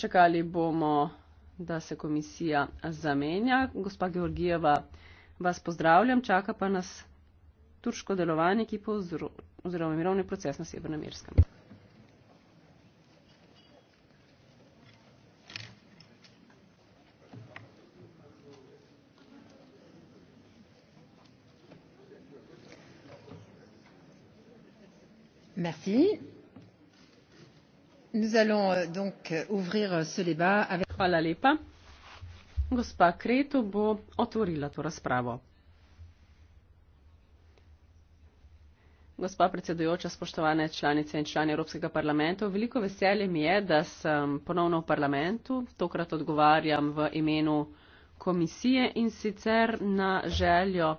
čakali bomo, da se komisija zamenja. Gospa Georgijeva, vas pozdravljam, čaka pa nas turško delovanje, ki pa oziroma mirovni proces na Severnem Irskem. Merci nous allons euh, donc euh, ouvrir euh, ce débat avec Hvala lepa. Gospa Kreto bo otvorila to razpravo. Gospa predsedujoča, spoštovane članice in člani Evropskega parlamenta, veliko veselje mi je, da sem ponovno v parlamentu. Tokrat odgovarjam v imenu komisije in sicer na željo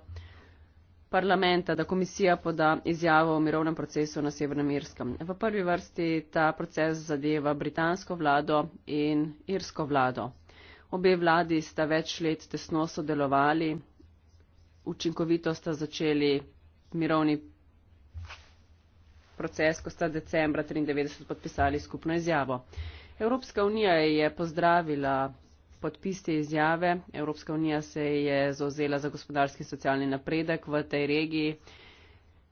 parlamenta, da komisija poda izjavo o mirovnem procesu na Severnem Irskem. V prvi vrsti ta proces zadeva britansko vlado in irsko vlado. Obe vladi sta več let tesno sodelovali, učinkovito sta začeli mirovni proces, ko sta decembra 1993 podpisali skupno izjavo. Evropska unija je pozdravila podpis te izjave. Evropska unija se je zauzela za gospodarski in socialni napredek v tej regiji,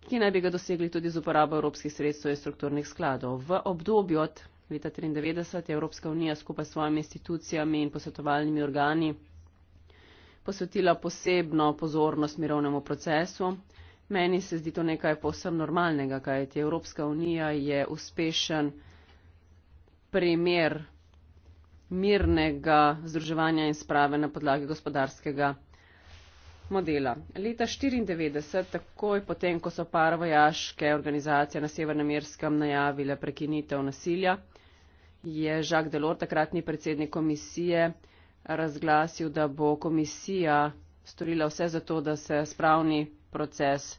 ki naj bi ga dosegli tudi z uporabo evropskih sredstev in strukturnih skladov. V obdobju od leta 1993 je Evropska unija skupaj s svojimi institucijami in posvetovalnimi organi posvetila posebno pozornost mirovnemu procesu. Meni se zdi to nekaj posebno normalnega, kajti Evropska unija je uspešen primer mirnega združevanja in sprave na podlagi gospodarskega modela. Leta 1994, takoj potem, ko so paravojaške organizacije na Severnem Irskem najavile prekinitev nasilja, je Jacques Delors, takratni predsednik komisije, razglasil, da bo komisija storila vse za to, da se spravni proces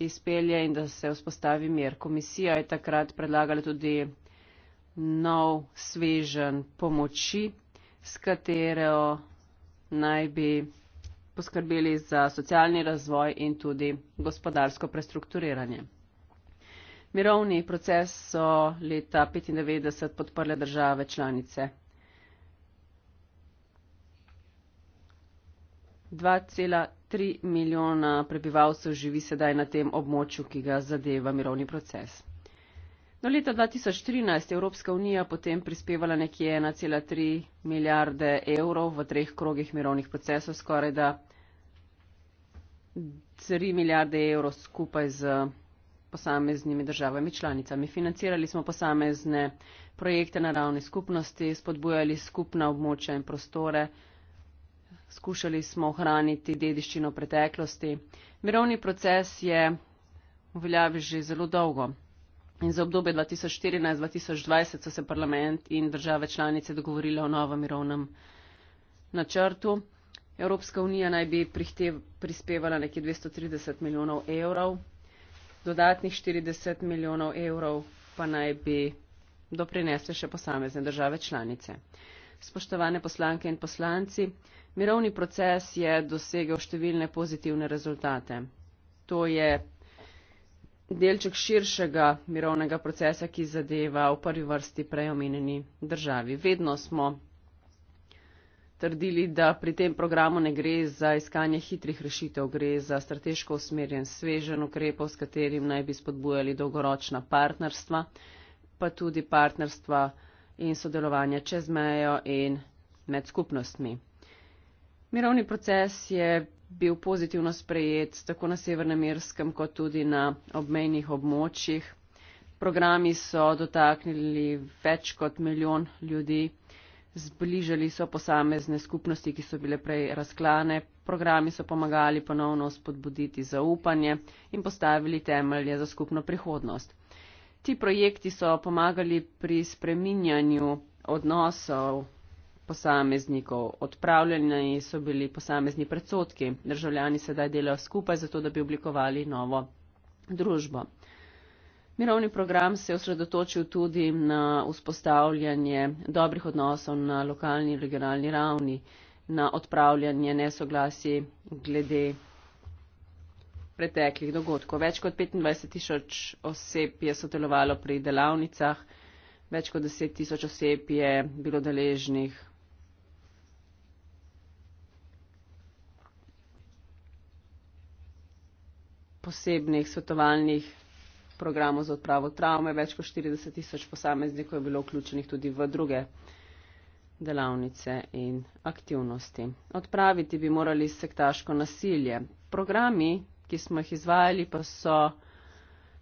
izpelje in da se vzpostavi mir. Komisija je takrat predlagala tudi nov svežen pomoči, s katero naj bi poskrbeli za socialni razvoj in tudi gospodarsko prestrukturiranje. Mirovni proces so leta 1995 podprle države članice. 2,3 milijona prebivalcev živi sedaj na tem območju, ki ga zadeva mirovni proces. Do no, leta 2013 je Evropska unija potem prispevala nekje 1,3 milijarde evrov v treh krogih mirovnih procesov, skoraj da 3 milijarde evrov skupaj z posameznimi državami članicami. Financirali smo posamezne projekte na ravni skupnosti, spodbujali skupna območja in prostore, skušali smo ohraniti dediščino preteklosti. Mirovni proces je v veljavi že zelo dolgo. In za obdobje 2014-2020 so se parlament in države članice dogovorile o novem mirovnem načrtu. Evropska unija naj bi prihtev, prispevala nekje 230 milijonov evrov, dodatnih 40 milijonov evrov pa naj bi doprinesle še posamezne države članice. Spoštovane poslanke in poslanci, mirovni proces je dosegel številne pozitivne rezultate. To je delček širšega mirovnega procesa, ki zadeva v prvi vrsti prejomenjeni državi. Vedno smo trdili, da pri tem programu ne gre za iskanje hitrih rešitev, gre za strateško usmerjen svežen ukrepov, s katerim naj bi spodbujali dolgoročna partnerstva, pa tudi partnerstva in sodelovanje čez mejo in med skupnostmi. Mirovni proces je bil pozitivno sprejet tako na Severnem Irskem, kot tudi na obmejnih območjih. Programi so dotaknili več kot milijon ljudi, zbližali so posamezne skupnosti, ki so bile prej razklane, programi so pomagali ponovno spodbuditi zaupanje in postavili temelje za skupno prihodnost. Ti projekti so pomagali pri spreminjanju odnosov posameznikov. Odpravljeni so bili posamezni predsotki. Državljani sedaj delajo skupaj, zato da bi oblikovali novo družbo. Mirovni program se je osredotočil tudi na vzpostavljanje dobrih odnosov na lokalni in regionalni ravni, na odpravljanje nesoglasi glede preteklih dogodkov. Več kot 25 tisoč oseb je sodelovalo pri delavnicah, več kot 10 tisoč oseb je bilo deležnih posebnih svetovalnih programov za odpravo travme. Več kot 40 tisoč posameznikov je bilo vključenih tudi v druge delavnice in aktivnosti. Odpraviti bi morali sektaško nasilje. Programi, ki smo jih izvajali, pa so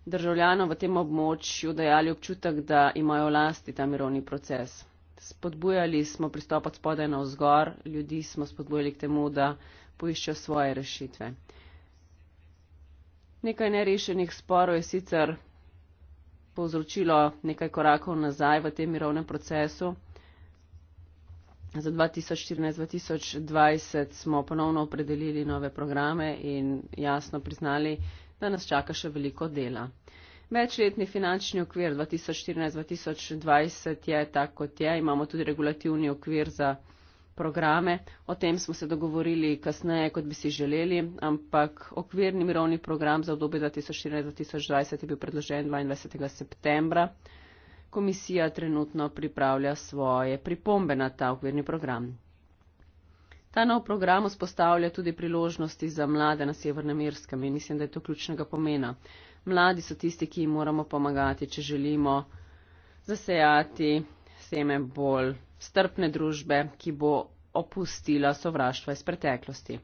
državljanom v tem območju dajali občutek, da imajo vlasti ta mirovni proces. Spodbujali smo pristop od spodaj na vzgor, ljudi smo spodbujali k temu, da poiščejo svoje rešitve. Nekaj nerešenih sporov je sicer povzročilo nekaj korakov nazaj v tem mirovnem procesu. Za 2014-2020 smo ponovno opredelili nove programe in jasno priznali, da nas čaka še veliko dela. Večletni finančni okvir 2014-2020 je tak, kot je. Imamo tudi regulativni okvir za programe. O tem smo se dogovorili kasneje, kot bi si želeli, ampak okvirni mirovni program za obdobje 2014-2020 je bil predložen 22. septembra. Komisija trenutno pripravlja svoje pripombe na ta okvirni program. Ta nov program vzpostavlja tudi priložnosti za mlade na Severnem Irskem in mislim, da je to ključnega pomena. Mladi so tisti, ki jim moramo pomagati, če želimo zasejati seme bolj strpne družbe, ki bo opustila sovraštva iz preteklosti.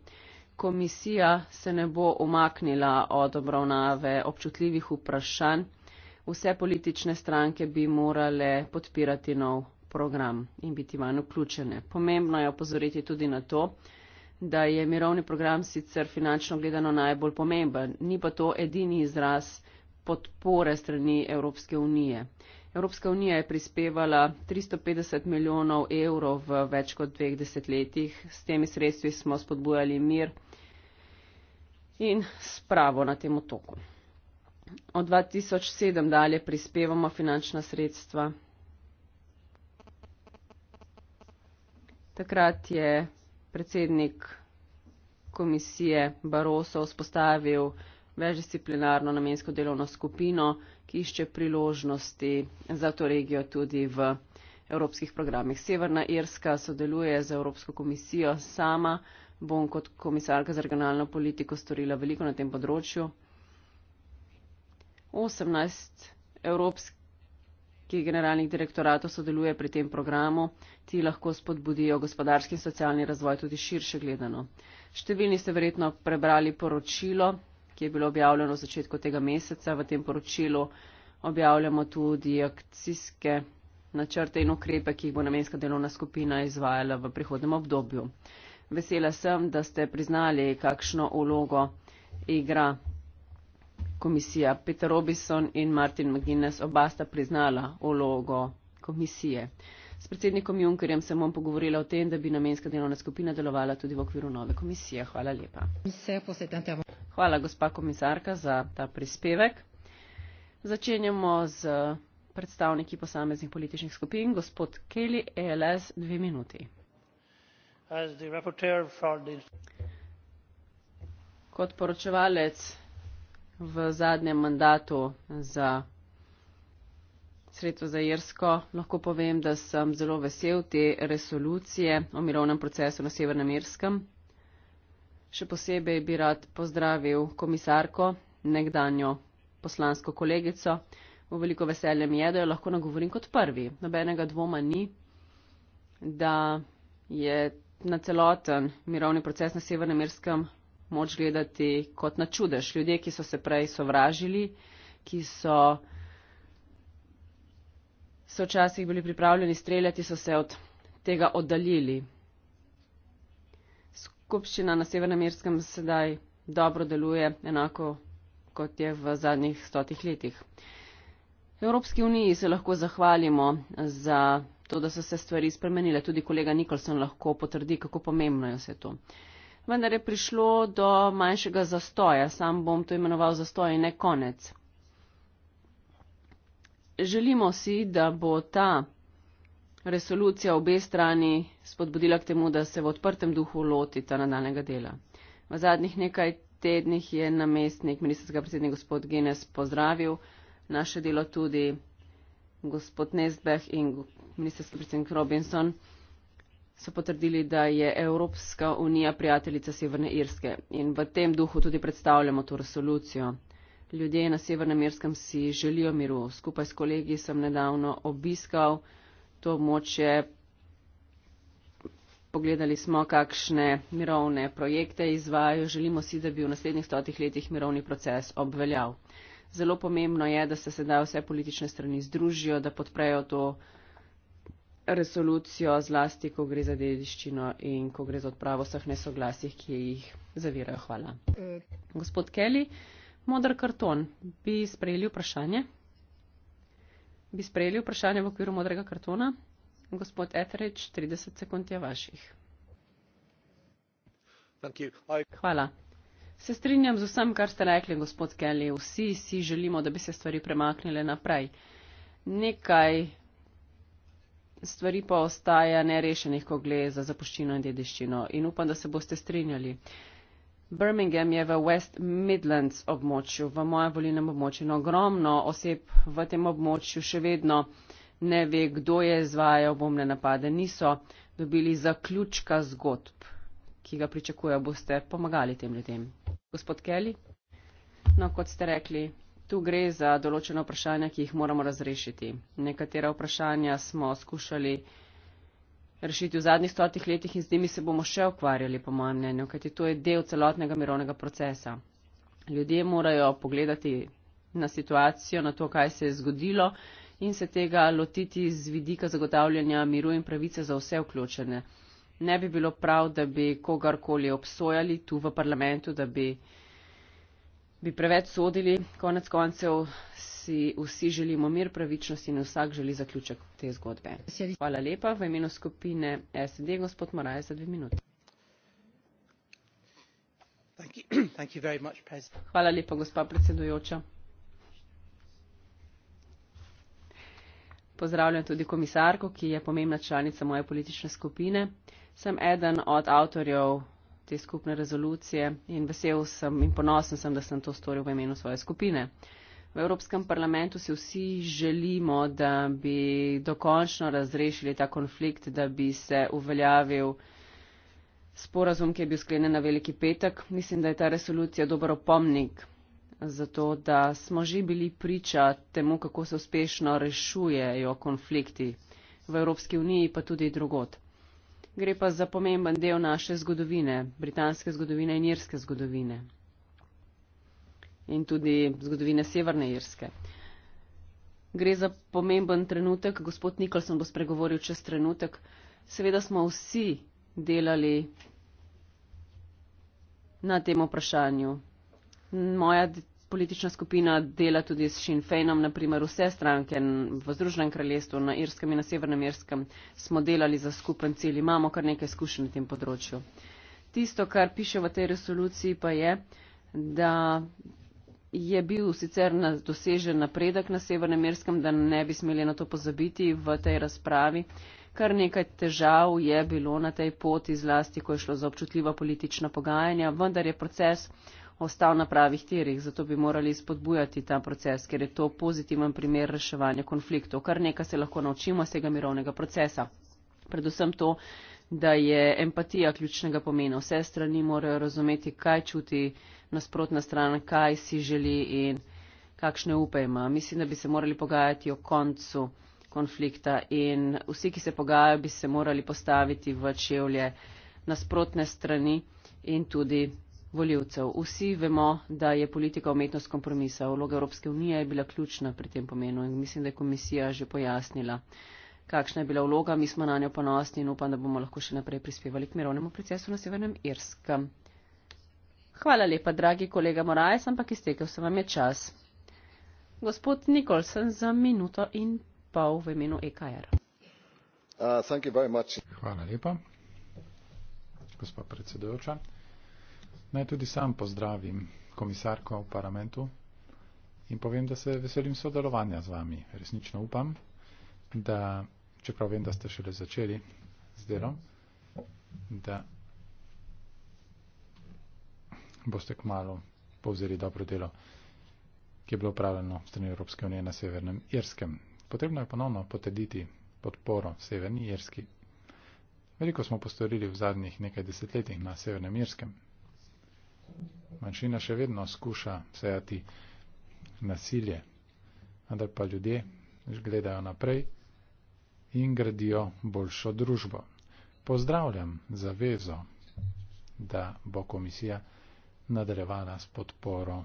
Komisija se ne bo umaknila od obravnave občutljivih vprašanj, vse politične stranke bi morale podpirati nov program in biti manj vključene. Pomembno je opozoriti tudi na to, da je mirovni program sicer finančno gledano najbolj pomemben, ni pa to edini izraz podpore strani Evropske unije. Evropska unija je prispevala 350 milijonov evrov v več kot dveh desetletjih. S temi sredstvi smo spodbujali mir in spravo na tem otoku. Od 2007 dalje prispevamo finančna sredstva. Takrat je predsednik komisije Baroso vzpostavil večdisciplinarno namensko delovno skupino, ki išče priložnosti za to regijo tudi v evropskih programih. Severna Irska sodeluje z Evropsko komisijo, sama bom kot komisarka za regionalno politiko storila veliko na tem področju. 18 evropskih generalnih direktoratov sodeluje pri tem programu, ti lahko spodbudijo gospodarski in socialni razvoj tudi širše gledano. Številni ste verjetno prebrali poročilo ki je bilo objavljeno v začetku tega meseca. V tem poročilu objavljamo tudi akcijske načrte in ukrepe, ki jih bo namenska delovna skupina izvajala v prihodnem obdobju. Vesela sem, da ste priznali, kakšno ulogo igra komisija. Peter Robison in Martin McGuinness oba sta priznala ulogo komisije. S predsednikom Junkerjem sem vam pogovorila o tem, da bi namenska delovna skupina delovala tudi v okviru nove komisije. Hvala lepa. Vse posebej tam. Hvala, gospa komisarka, za ta prispevek. Začenjamo z predstavniki posameznih političnih skupin. Gospod Kelly, ELS, dve minuti. Kot poročevalec v zadnjem mandatu za sredstvo za Jersko, lahko povem, da sem zelo vesel te resolucije o mirovnem procesu na Severnem Jerskem. Še posebej bi rad pozdravil komisarko, nekdanjo poslansko kolegico. V veliko veselje mi je, da jo lahko nagovorim kot prvi. Nobenega dvoma ni, da je na celoten mirovni proces na Severnem Irskem moč gledati kot na čudež. Ljudje, ki so se prej sovražili, ki so se včasih bili pripravljeni streljati, so se od tega oddaljili skupščina na severnemerskem sedaj dobro deluje, enako kot je v zadnjih stotih letih. Evropski uniji se lahko zahvalimo za to, da so se stvari spremenile. Tudi kolega Nikolson lahko potrdi, kako pomembno je vse to. Vendar je prišlo do manjšega zastoja. Sam bom to imenoval zastoj in ne konec. Želimo si, da bo ta resolucija obe strani spodbudila k temu, da se v odprtem duhu lotita nadaljnega dela. V zadnjih nekaj tednih je namestnik ministrskega predsednika gospod Genes pozdravil naše delo tudi gospod Nesbeh in ministrski predsednik Robinson so potrdili, da je Evropska unija prijateljica Severne Irske in v tem duhu tudi predstavljamo to resolucijo. Ljudje na Severnem Irskem si želijo miru. Skupaj s kolegi sem nedavno obiskal to območje. Pogledali smo, kakšne mirovne projekte izvajo. Želimo si, da bi v naslednjih stotih letih mirovni proces obveljal. Zelo pomembno je, da se sedaj vse politične strani združijo, da podprejo to resolucijo zlasti, ko gre za dediščino in ko gre za odpravo vseh nesoglasjih, ki jih zavirajo. Hvala. Eh. Gospod Kelly, modr karton, bi sprejeli vprašanje? bi sprejeli vprašanje v okviru modrega kartona. Gospod Etherich, 30 sekund je vaših. Hvala. Se strinjam z vsem, kar ste rekli, gospod Kelly. Vsi si želimo, da bi se stvari premaknile naprej. Nekaj stvari pa ostaja nerešenih, ko gre za zapuščino in dediščino. In upam, da se boste strinjali. Birmingham je v West Midlands območju, v mojem volilnem območju. In ogromno oseb v tem območju še vedno ne ve, kdo je izvajal bombne napade. Niso dobili zaključka zgodb, ki ga pričakujejo. Boste pomagali tem ljudem. Gospod Kelly, no, kot ste rekli, tu gre za določene vprašanja, ki jih moramo razrešiti. Nekatera vprašanja smo skušali rešiti v zadnjih stotih letih in z njimi se bomo še ukvarjali, po mojem mnenju, kajti to je del celotnega mirovnega procesa. Ljudje morajo pogledati na situacijo, na to, kaj se je zgodilo in se tega lotiti z vidika zagotavljanja miru in pravice za vse vključene. Ne bi bilo prav, da bi kogarkoli obsojali tu v parlamentu, da bi, bi preveč sodili, konec koncev si vsi želimo mir, pravičnost in vsak želi zaključek te zgodbe. Hvala lepa v imenu skupine SD, gospod Moraj, za dve minuti. Hvala lepa, gospa predsedujoča. Pozdravljam tudi komisarko, ki je pomembna članica moje politične skupine. Sem eden od avtorjev te skupne rezolucije in vesel sem in ponosen sem, da sem to storil v imenu svoje skupine. V Evropskem parlamentu si vsi želimo, da bi dokončno razrešili ta konflikt, da bi se uveljavil sporazum, ki je bil sklenjen na Veliki petek. Mislim, da je ta resolucija dober opomnik za to, da smo že bili priča temu, kako se uspešno rešujejo konflikti v Evropski uniji, pa tudi drugot. Gre pa za pomemben del naše zgodovine, britanske zgodovine in irske zgodovine in tudi zgodovine Severne Irske. Gre za pomemben trenutek, gospod Nikolson bo spregovoril čez trenutek. Seveda smo vsi delali na tem vprašanju. Moja politična skupina dela tudi s Sinn Feinom, naprimer vse stranke v Združenem kraljestvu, na Irskem in na Severnem Irskem smo delali za skupen cilj, imamo kar nekaj izkušenj na tem področju. Tisto, kar piše v tej resoluciji, pa je, da je bil sicer na, dosežen napredek na severnem irskem, da ne bi smeli na to pozabiti v tej razpravi. Kar nekaj težav je bilo na tej poti, zlasti ko je šlo za občutljiva politična pogajanja, vendar je proces ostal na pravih tirih, zato bi morali spodbujati ta proces, ker je to pozitiven primer reševanja konfliktov. Kar nekaj se lahko naučimo iz tega mirovnega procesa. Predvsem to, da je empatija ključnega pomena. Vse strani morajo razumeti, kaj čuti nasprotna stran, kaj si želi in kakšne upe ima. Mislim, da bi se morali pogajati o koncu konflikta in vsi, ki se pogajajo, bi se morali postaviti v čevlje nasprotne strani in tudi voljivcev. Vsi vemo, da je politika umetnost kompromisa. Vloga Evropske unije je bila ključna pri tem pomenu in mislim, da je komisija že pojasnila, kakšna je bila vloga. Mi smo na njo ponosni in upam, da bomo lahko še naprej prispevali k mirovnemu procesu na Severnem Irskem. Hvala lepa, dragi kolega Morajs, ampak iztekel se vam je čas. Gospod Nikolsen za minuto in pol v imenu EKR. Uh, Hvala lepa, gospa predsedujoča. Naj tudi sam pozdravim komisarko v parlamentu in povem, da se veselim sodelovanja z vami. Resnično upam, da čeprav vem, da ste šele začeli z delom, da boste kmalo povzeli dobro delo, ki je bilo upravljeno strani Evropske unije na Severnem Irskem. Potrebno je ponovno potrditi podporo Severni Irski. Veliko smo postorili v zadnjih nekaj desetletjih na Severnem Irskem. Manjšina še vedno skuša sejati nasilje, vendar pa ljudje gledajo naprej in gradijo boljšo družbo. Pozdravljam zavezo, da bo komisija nadaljevala s podporo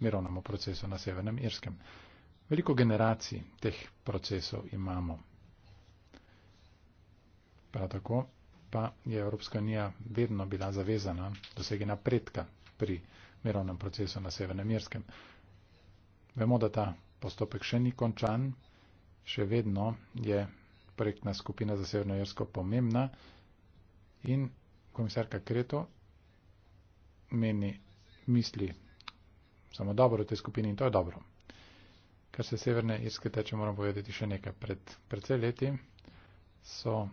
mirovnemu procesu na Severnem Irskem. Veliko generacij teh procesov imamo. Prav tako pa je Evropska unija vedno bila zavezana dosegi napredka pri mirovnem procesu na Severnem Irskem. Vemo, da ta postopek še ni končan, še vedno je projektna skupina za Severno Irsko pomembna in komisarka Kreto meni misli samo dobro v tej skupini in to je dobro. Kar se severne irske teče, moram povedati še nekaj. Pred precej leti so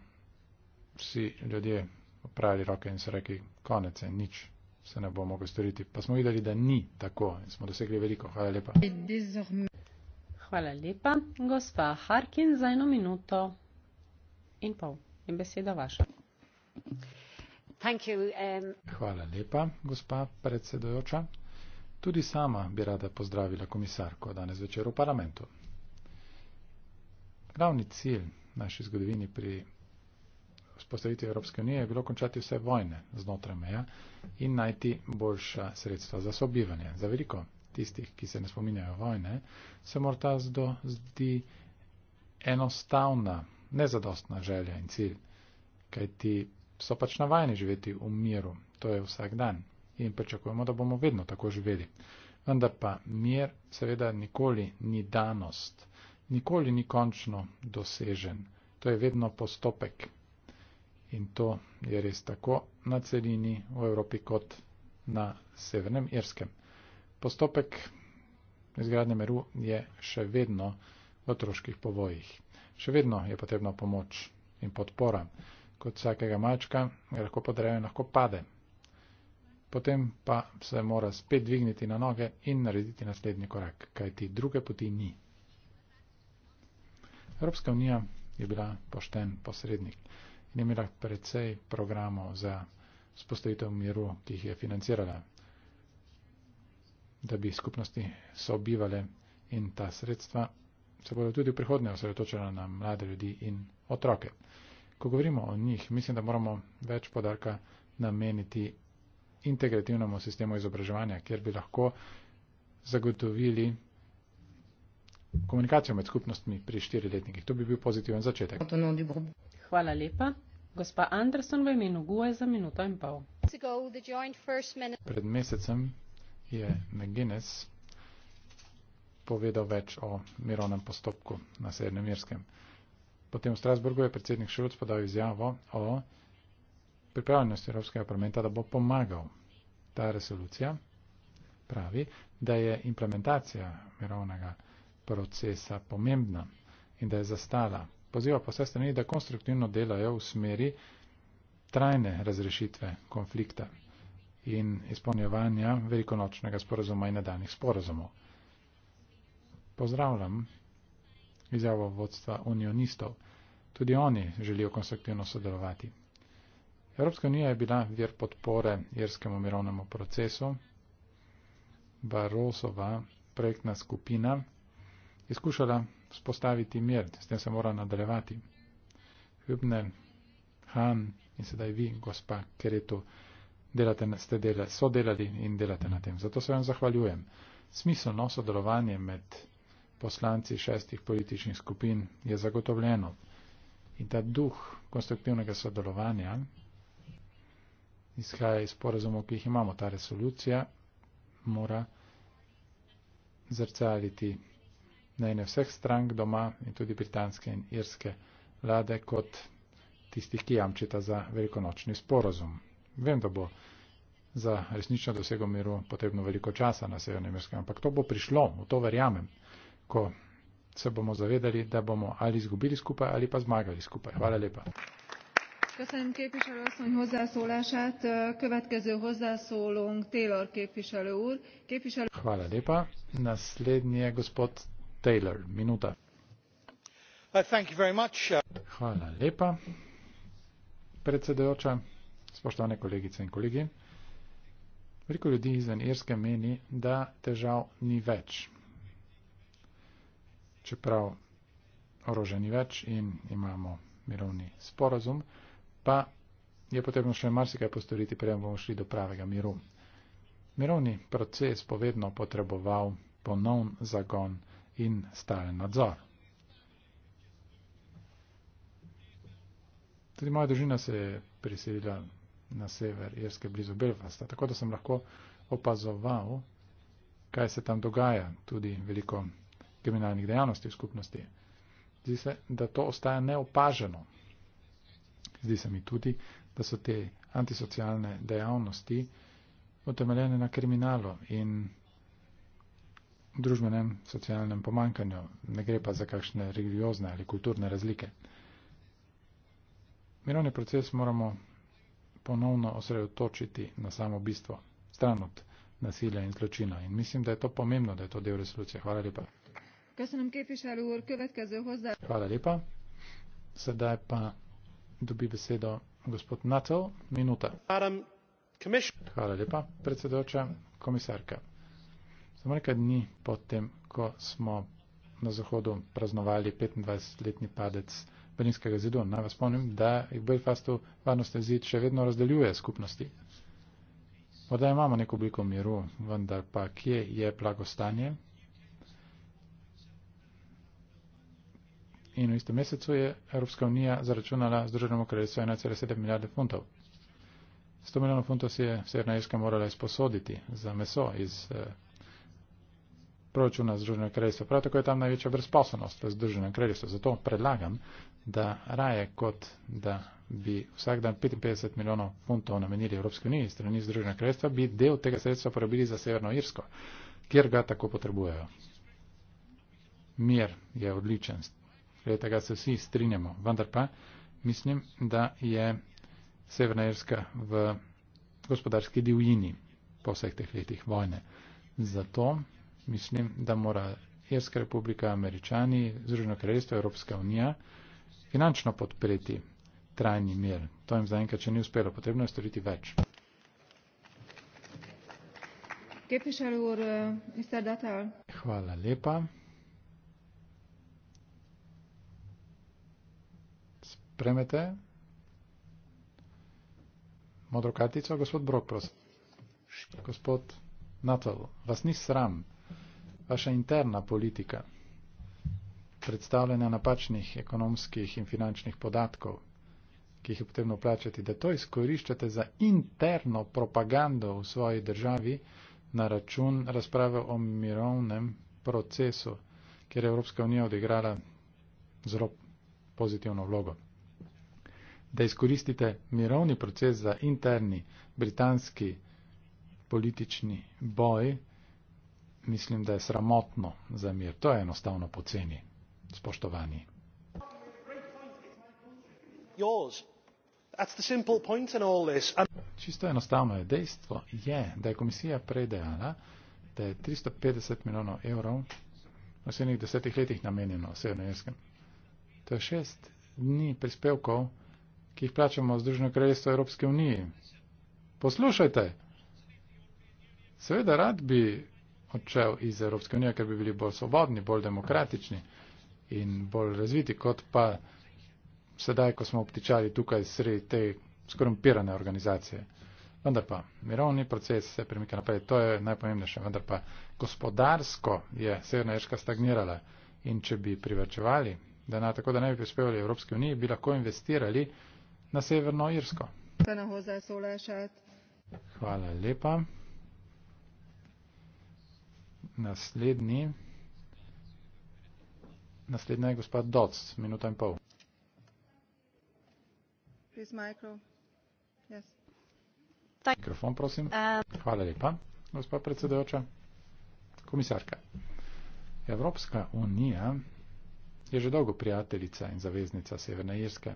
vsi ljudje opravili roke in so rekli, konec je, nič se ne bo mogel storiti. Pa smo videli, da ni tako in smo dosegli veliko. Hvala lepa. Hvala lepa, gospa Harkin, za eno minuto in pol. In beseda vaša you, um... Hvala lepa, gospa predsedojoča. Tudi sama bi rada pozdravila komisarko danes večer v parlamentu. Glavni cilj naši zgodovini pri vzpostavitvi Evropske unije je bilo končati vse vojne znotraj meja in najti boljša sredstva za sobivanje. Za veliko tistih, ki se ne spominjajo vojne, se morda zdi enostavna, nezadostna želja in cilj, kajti so pač navajeni živeti v miru, to je vsak dan in pričakujemo, da bomo vedno tako živeli. Vendar pa mir seveda nikoli ni danost, nikoli ni končno dosežen, to je vedno postopek. In to je res tako na celini v Evropi kot na Severnem Irskem. Postopek izgradnje miru je še vedno v troških povojih. Še vedno je potrebna pomoč in podpora kot vsakega mačka, lahko podreve, lahko pade. Potem pa se mora spet dvigniti na noge in narediti naslednji korak, kajti druge poti ni. Evropska unija je bila pošten posrednik in je imela precej programov za spostavitev miru, ki jih je financirala, da bi skupnosti sobivale in ta sredstva se bodo tudi v prihodnje osredotočila na mlade ljudi in otroke ko govorimo o njih, mislim, da moramo več podarka nameniti integrativnemu sistemu izobraževanja, kjer bi lahko zagotovili komunikacijo med skupnostmi pri štiriletnikih. To bi bil pozitiven začetek. Hvala lepa. Gospa Anderson v imenu Gue za minuto in pol. Pred mesecem je McGuinness povedal več o mirovnem postopku na Srednjem Irskem. Potem v Strasburgu je predsednik Šulc podal izjavo o pripravljenosti Evropskega parlamenta, da bo pomagal. Ta resolucija pravi, da je implementacija mirovnega procesa pomembna in da je zastala. Poziva pa vse strani, da konstruktivno delajo v smeri trajne razrešitve konflikta in izpolnjevanja velikonočnega sporazuma in nadaljnih sporazumov. Pozdravljam izjavo vodstva unionistov. Tudi oni želijo konstruktivno sodelovati. Evropska unija je bila vir podpore irskemu mirovnemu procesu. Barosova projektna skupina je skušala spostaviti mir, s tem se mora nadaljevati. Hübne, Han in sedaj vi, gospa Keretu, delate, ste delali, so delali in delate na tem. Zato se vam zahvaljujem. Smiselno sodelovanje med poslanci šestih političnih skupin, je zagotovljeno. In ta duh konstruktivnega sodelovanja izhaja iz porazumov, ki jih imamo. Ta resolucija mora zrcaliti najne vseh strank doma in tudi britanske in irske vlade kot tistih, ki jamčita za velikonočni sporozum. Vem, da bo za resnično dosego miru potrebno veliko časa na severnem irskem, ampak to bo prišlo, v to verjamem ko se bomo zavedali, da bomo ali izgubili skupaj ali pa zmagali skupaj. Hvala lepa. Köszönöm képviselő asszony hozzászólását. Következő hozzászólónk Taylor képviselő úr. Képviselő... Hvala lepa. Naslednje gospod Taylor. Minuta. Uh, thank you very much. Uh. Hvala lepa. Predsedojoča, spoštovane kolegice in kolegi. Veliko ljudi izven Irske meni, da težav ni več čeprav orožja ni več in imamo mirovni sporazum, pa je potrebno še marsikaj postoriti, preden bomo šli do pravega miru. Mirovni proces bo vedno potreboval ponovn zagon in stalen nadzor. Tudi moja družina se je priselila na sever Irske blizu Belfasta, tako da sem lahko opazoval, kaj se tam dogaja. Tudi veliko kriminalnih dejavnosti v skupnosti. Zdi se, da to ostaja neopaženo. Zdi se mi tudi, da so te antisocialne dejavnosti utemeljene na kriminalu in družbenem socialnem pomankanju, ne gre pa za kakšne religiozne ali kulturne razlike. Mirovni proces moramo ponovno osredotočiti na samo bistvo, stran od nasilja in zločina. In mislim, da je to pomembno, da je to del resolucije. Hvala lepa. Köszönöm képviselő úr, következő hozzá. Hvala lepa. Sedaj pa dobi besedo gospod Nato, minuta. Hvala lepa, predsedoča komisarka. Samo nekaj dni po tem, ko smo na Zahodu praznovali 25-letni padec Berlinskega zidu, naj vas spomnim, da jih Belfastu varnostni zid še vedno razdeljuje skupnosti. Morda imamo neko obliko miru, vendar pa kje je blagostanje in v istem mesecu je Evropska unija zaračunala Združenemu kraljestvu 1,7 milijarde funtov. 100 milijonov funtov si je Severna Irska morala izposoditi za meso iz eh, proračuna Združenega kraljestva. Prav tako je tam največja brezposobnost v Združenem kraljestvu. Zato predlagam, da raje kot da bi vsak dan 55 milijonov funtov namenili Evropske unije strani Združenega kraljestva, bi del tega sredstva porabili za Severno Irsko, kjer ga tako potrebujejo. Mir je odličen glede tega se vsi strinjamo. Vendar pa mislim, da je Severna Irska v gospodarski divjini po vseh teh letih vojne. Zato mislim, da mora Irska republika, Američani, Združeno kraljestvo, Evropska unija finančno podpreti trajni mir. To jim zaenkrat, če ni uspelo, potrebno je storiti več. Képviselő úr, Mr. Datal. Hvala lepa. Premete modro kartico, gospod Brok, prosim. Gospod Natal, vas ni sram vaša interna politika predstavljanja napačnih ekonomskih in finančnih podatkov, ki jih je potrebno plačati, da to izkoriščate za interno propagando v svoji državi na račun razprave o mirovnem procesu, kjer je Evropska unija odigrala zelo pozitivno vlogo da izkoristite mirovni proces za interni britanski politični boj, mislim, da je sramotno za mir. To je enostavno poceni, spoštovani. Čisto enostavno je dejstvo, je, da je komisija predejala, da je 350 milijonov evrov v naslednjih desetih letih namenjeno osebno jeskem. To je šest dni prispevkov ki jih plačamo v Združeno kraljestvo Evropske unije. Poslušajte, seveda rad bi odšel iz Evropske unije, ker bi bili bolj svobodni, bolj demokratični in bolj razviti, kot pa sedaj, ko smo obtičali tukaj sredi te skorumpirane organizacije. Vendar pa, mirovni proces se premika naprej, to je najpomembnejše, vendar pa, gospodarsko je Severna Irska stagnirala in če bi privrčevali, da na tako, da ne bi prispevali Evropske unije, bi lahko investirali na Severno Irsko. Hvala hozzászólását. Hvala lepa. Naslednji. Naslednja je gospod Doc, minuta in pol. Please, micro. Yes. Mikrofon, prosim. Eh. Hvala lepa, gospod predsedojoča. Komisarka. Evropska unija je že dolgo prijateljica in zaveznica Severne Irske.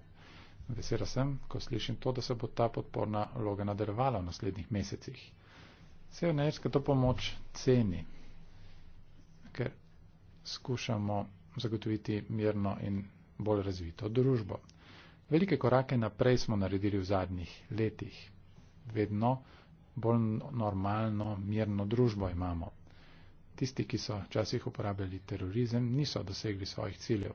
Vesela sem, ko slišim to, da se bo ta podporna vloga nadaljevala v naslednjih mesecih. Severna Irska to pomoč ceni, ker skušamo zagotoviti mirno in bolj razvito družbo. Velike korake naprej smo naredili v zadnjih letih. Vedno bolj normalno, mirno družbo imamo. Tisti, ki so včasih uporabljali terorizem, niso dosegli svojih ciljev.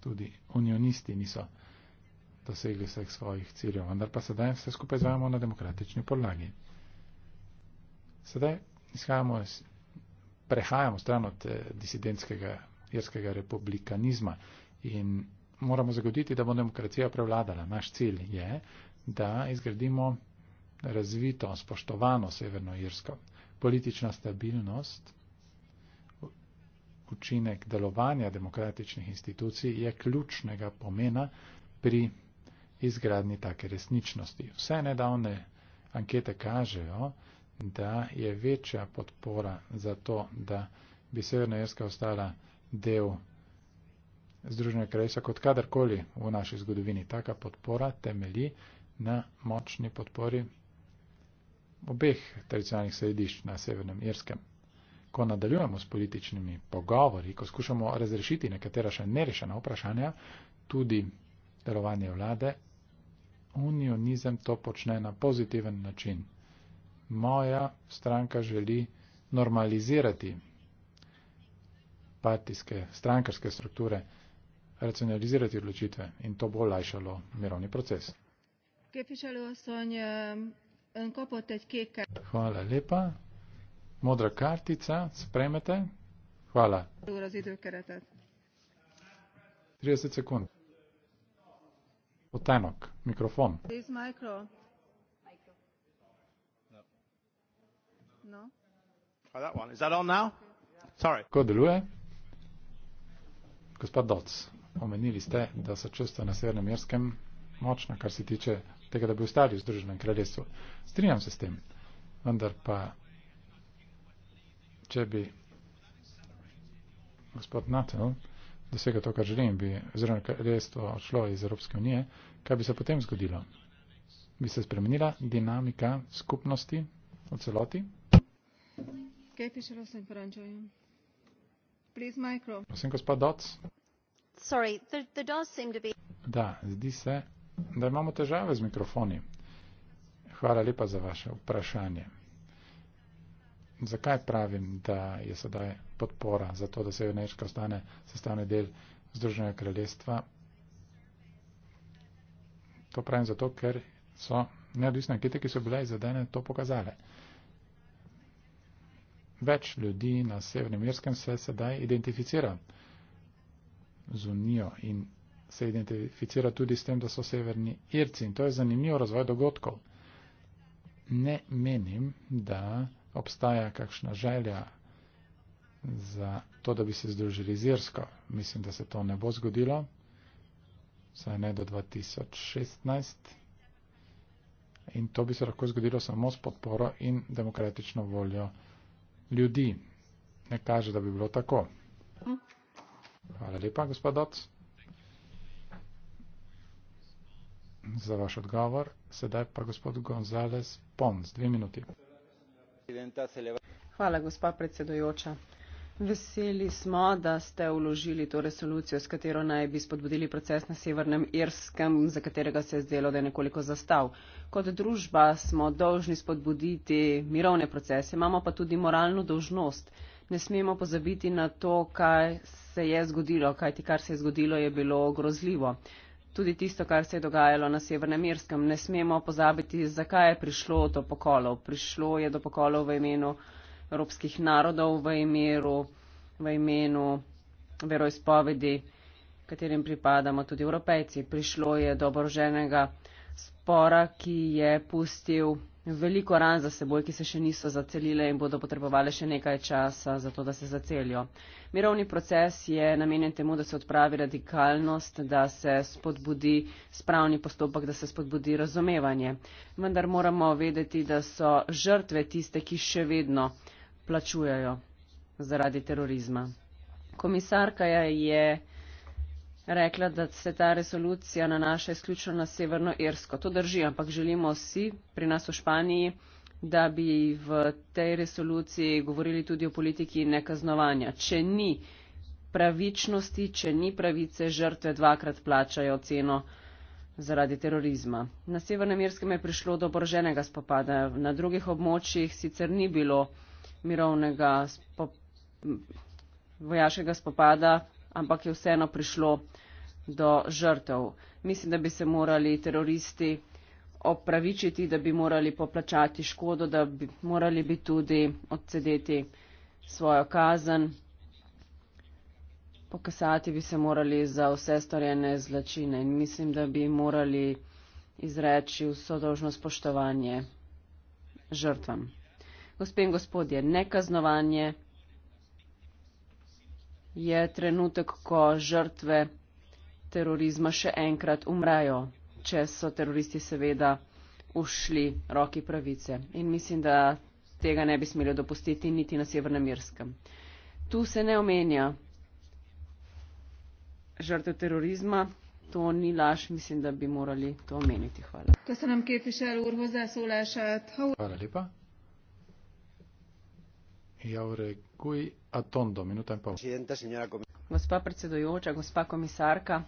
tudi unionisti niso dosegli vseh svojih ciljev, vendar pa sedaj vse skupaj zvajamo na demokratični podlagi. Sedaj izhajamo, prehajamo stran od eh, disidentskega irskega republikanizma in moramo zagoditi, da bo demokracija prevladala. Naš cilj je, da izgradimo razvito, spoštovano severno irsko politično stabilnost učinek delovanja demokratičnih institucij je ključnega pomena pri izgradni take resničnosti. Vse nedavne ankete kažejo, da je večja podpora za to, da bi Severna Jerska ostala del Združenja kraljestva kot kadarkoli v naši zgodovini. Taka podpora temelji na močni podpori obeh tradicionalnih središč na Severnem Irskem ko nadaljujemo s političnimi pogovori, ko skušamo razrešiti nekatera še nerešena vprašanja, tudi delovanje vlade, unionizem to počne na pozitiven način. Moja stranka želi normalizirati partijske, strankarske strukture, racionalizirati odločitve in to bo lajšalo mirovni proces. Hvala lepa. Modra kartica, spremete. Hvala. 30 sekund. Potenok, mikrofon. Kako no. deluje? Gospod Doc, omenili ste, da so čustva na Severnem Jerskem močna, kar se tiče tega, da bi ostali v Združenem kraljestvu. Strinjam se s tem, vendar pa če bi gospod Natel dosega to, kar želim, bi oziroma kraljestvo odšlo iz Evropske unije, kaj bi se potem zgodilo? Bi se spremenila dinamika skupnosti v celoti? Kaj piše v svojem poročaju? Prosim, Mikro. Prosim, gospod Doc. Sorry, the, the does seem to be... Da, zdi se, da imamo težave z mikrofoni. Hvala lepa za vaše vprašanje zakaj pravim, da je sedaj podpora za to, da se je Nemčija ostane sestavni del Združenega kraljestva. To pravim zato, ker so neodvisne ankete, ki so bile izvedene, to pokazale. Več ljudi na Severnem Irskem se sedaj identificira z Unijo in se identificira tudi s tem, da so Severni Irci. In to je zanimiv razvoj dogodkov. Ne menim, da obstaja kakšna želja za to, da bi se združili z Irsko. Mislim, da se to ne bo zgodilo, saj ne do 2016. In to bi se lahko zgodilo samo s podporo in demokratično voljo ljudi. Ne kaže, da bi bilo tako. Hvala lepa, gospod Doc, za vaš odgovor. Sedaj pa gospod Gonzales Pons, dve minuti. Hvala, gospa predsedujoča. Veseli smo, da ste uložili to resolucijo, s katero naj bi spodbudili proces na Severnem Irskem, za katerega se je zdelo, da je nekoliko zastav. Kot družba smo dolžni spodbuditi mirovne procese, imamo pa tudi moralno dožnost. Ne smemo pozabiti na to, kaj se je zgodilo, kajti kar se je zgodilo, je bilo grozljivo. Tudi tisto, kar se je dogajalo na Severnem Irskem, ne smemo pozabiti, zakaj je prišlo do pokolov. Prišlo je do pokolov v imenu evropskih narodov, v imenu, v imenu veroizpovedi, katerim pripadamo tudi evropejci. Prišlo je do oboroženega spora, ki je pustil veliko ran za seboj, ki se še niso zacelile in bodo potrebovali še nekaj časa za to, da se zacelijo. Mirovni proces je namenjen temu, da se odpravi radikalnost, da se spodbudi spravni postopek, da se spodbudi razumevanje. Vendar moramo vedeti, da so žrtve tiste, ki še vedno plačujejo zaradi terorizma. Komisarka je rekla, da se ta resolucija nanaša izključno na Severno Irsko. To drži, ampak želimo vsi pri nas v Španiji, da bi v tej resoluciji govorili tudi o politiki nekaznovanja. Če ni pravičnosti, če ni pravice, žrtve dvakrat plačajo ceno zaradi terorizma. Na Severnem Irskem je prišlo do oboroženega spopada. Na drugih območjih sicer ni bilo mirovnega spopada, vojaškega spopada, ampak je vseeno prišlo do žrtev. Mislim, da bi se morali teroristi opravičiti, da bi morali poplačati škodo, da bi morali bi tudi odsedeti svojo kazen. Pokasati bi se morali za vse storjene zločine in mislim, da bi morali izreči vso dolžno spoštovanje žrtvam. Gospe in gospodje, nekaznovanje je trenutek, ko žrtve terorizma še enkrat umrajo, če so teroristi seveda ušli roki pravice. In mislim, da tega ne bi smeli dopustiti niti na Severnem Irskem. Tu se ne omenja žrtve terorizma. To ni laž, mislim, da bi morali to omeniti. Hvala. Köszönöm, képvisel úr, hozzászólását. Hau... Hvala lepa. Jaureg gospa predsedujoča gospa komisarka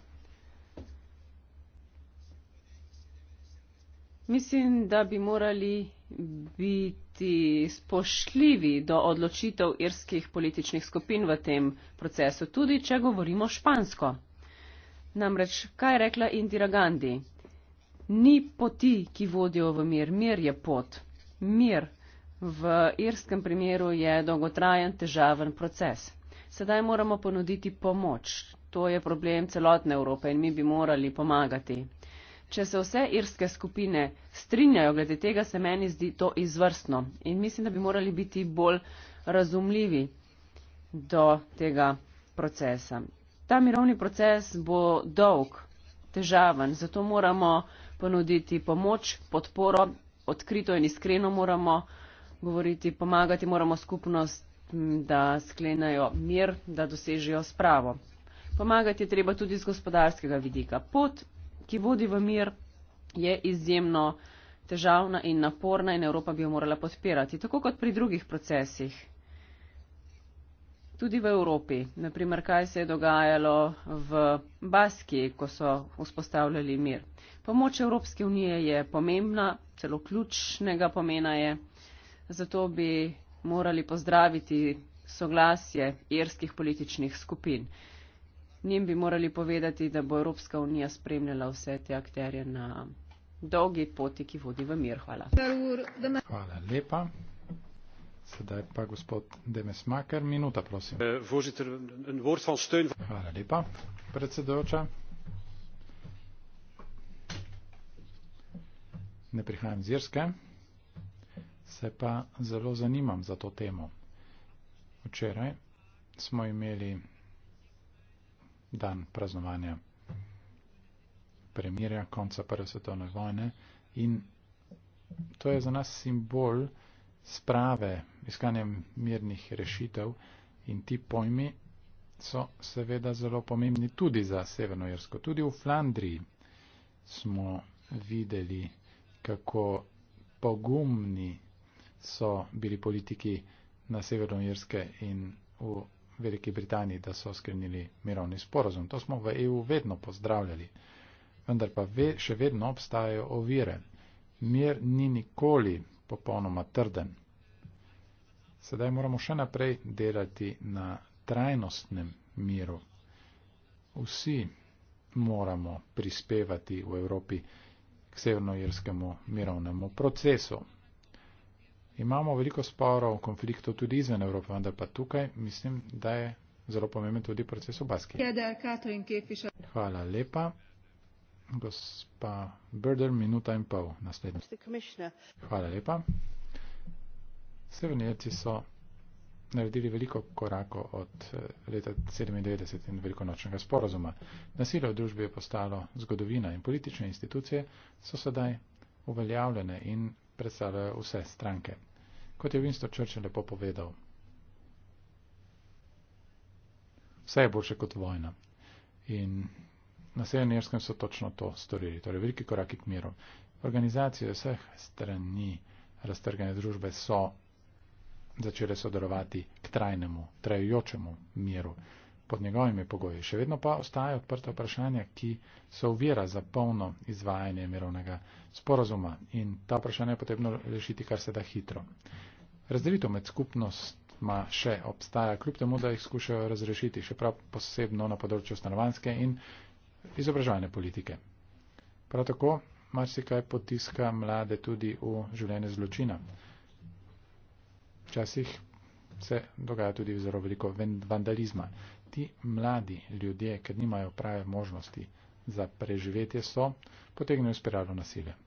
mislim da bi morali biti spoštljivi do odločitev irskih političnih skupin v tem procesu tudi če govorimo špansko namreč kaj je rekla indira gandhi ni poti ki vodijo v mir mir je pot mir v irskem primeru je dolgotrajen, težaven proces. Sedaj moramo ponuditi pomoč. To je problem celotne Evrope in mi bi morali pomagati. Če se vse irske skupine strinjajo glede tega, se meni zdi to izvrstno in mislim, da bi morali biti bolj razumljivi do tega procesa. Ta mirovni proces bo dolg, težaven, zato moramo ponuditi pomoč, podporo, odkrito in iskreno moramo govoriti, pomagati moramo skupnost, da sklenajo mir, da dosežijo spravo. Pomagati je treba tudi z gospodarskega vidika. Pot, ki vodi v mir, je izjemno težavna in naporna in Evropa bi jo morala podpirati, tako kot pri drugih procesih. Tudi v Evropi, naprimer, kaj se je dogajalo v Baski, ko so vzpostavljali mir. Pomoč Evropske unije je pomembna, celo ključnega pomena je zato bi morali pozdraviti soglasje irskih političnih skupin. Njim bi morali povedati, da bo Evropska unija spremljala vse te akterje na dolgi poti, ki vodi v mir. Hvala. Hvala lepa. Sedaj pa gospod Demesmaker, minuta prosim. Eh, Hvala lepa, predsedujoča. Ne prihajam z Irske se pa zelo zanimam za to temo. Včeraj smo imeli dan praznovanja premirja konca Prve svetovne vojne in to je za nas simbol sprave, iskanjem mirnih rešitev in ti pojmi so seveda zelo pomembni tudi za Severno Jersko. Tudi v Flandriji smo videli, kako pogumni so bili politiki na severno Irske in v Veliki Britaniji, da so sklenili mirovni sporozum. To smo v EU vedno pozdravljali, vendar pa ve, še vedno obstajajo ovire. Mir ni nikoli popolnoma trden. Sedaj moramo še naprej delati na trajnostnem miru. Vsi moramo prispevati v Evropi k severnoirskemu mirovnemu procesu. Imamo veliko sporov, konfliktov tudi izven Evrope, vendar pa tukaj mislim, da je zelo pomemben tudi proces v Baski. Hvala lepa. Gospa Berder, minuta in pol naslednji. Hvala lepa. Severnijci so naredili veliko korako od eh, leta 1997 in velikonočnega sporozuma. Nasilje v družbi je postalo zgodovina in politične institucije so sedaj uveljavljene in predstavljajo vse stranke kot je Winston Churchill lepo povedal. Vse je boljše kot vojna. In na Severnjerskem so točno to storili, torej veliki koraki k miru. Organizacije vseh strani raztrgane družbe so začele sodelovati k trajnemu, trajajočemu miru pod njegovimi pogoji. Še vedno pa ostaje odprta vprašanja, ki so uvira za polno izvajanje mirovnega sporozuma. In ta vprašanja je potrebno rešiti kar se da hitro. Razdelitev med skupnostma še obstaja, kljub temu, da jih skušajo razrešiti, še prav posebno na področju stanovanske in izobraževalne politike. Prav tako marsikaj potiska mlade tudi v življenje zločina. Včasih se dogaja tudi zelo veliko vandalizma. Ti mladi ljudje, ker nimajo prave možnosti za preživetje, so potegnili spiralo nasilja.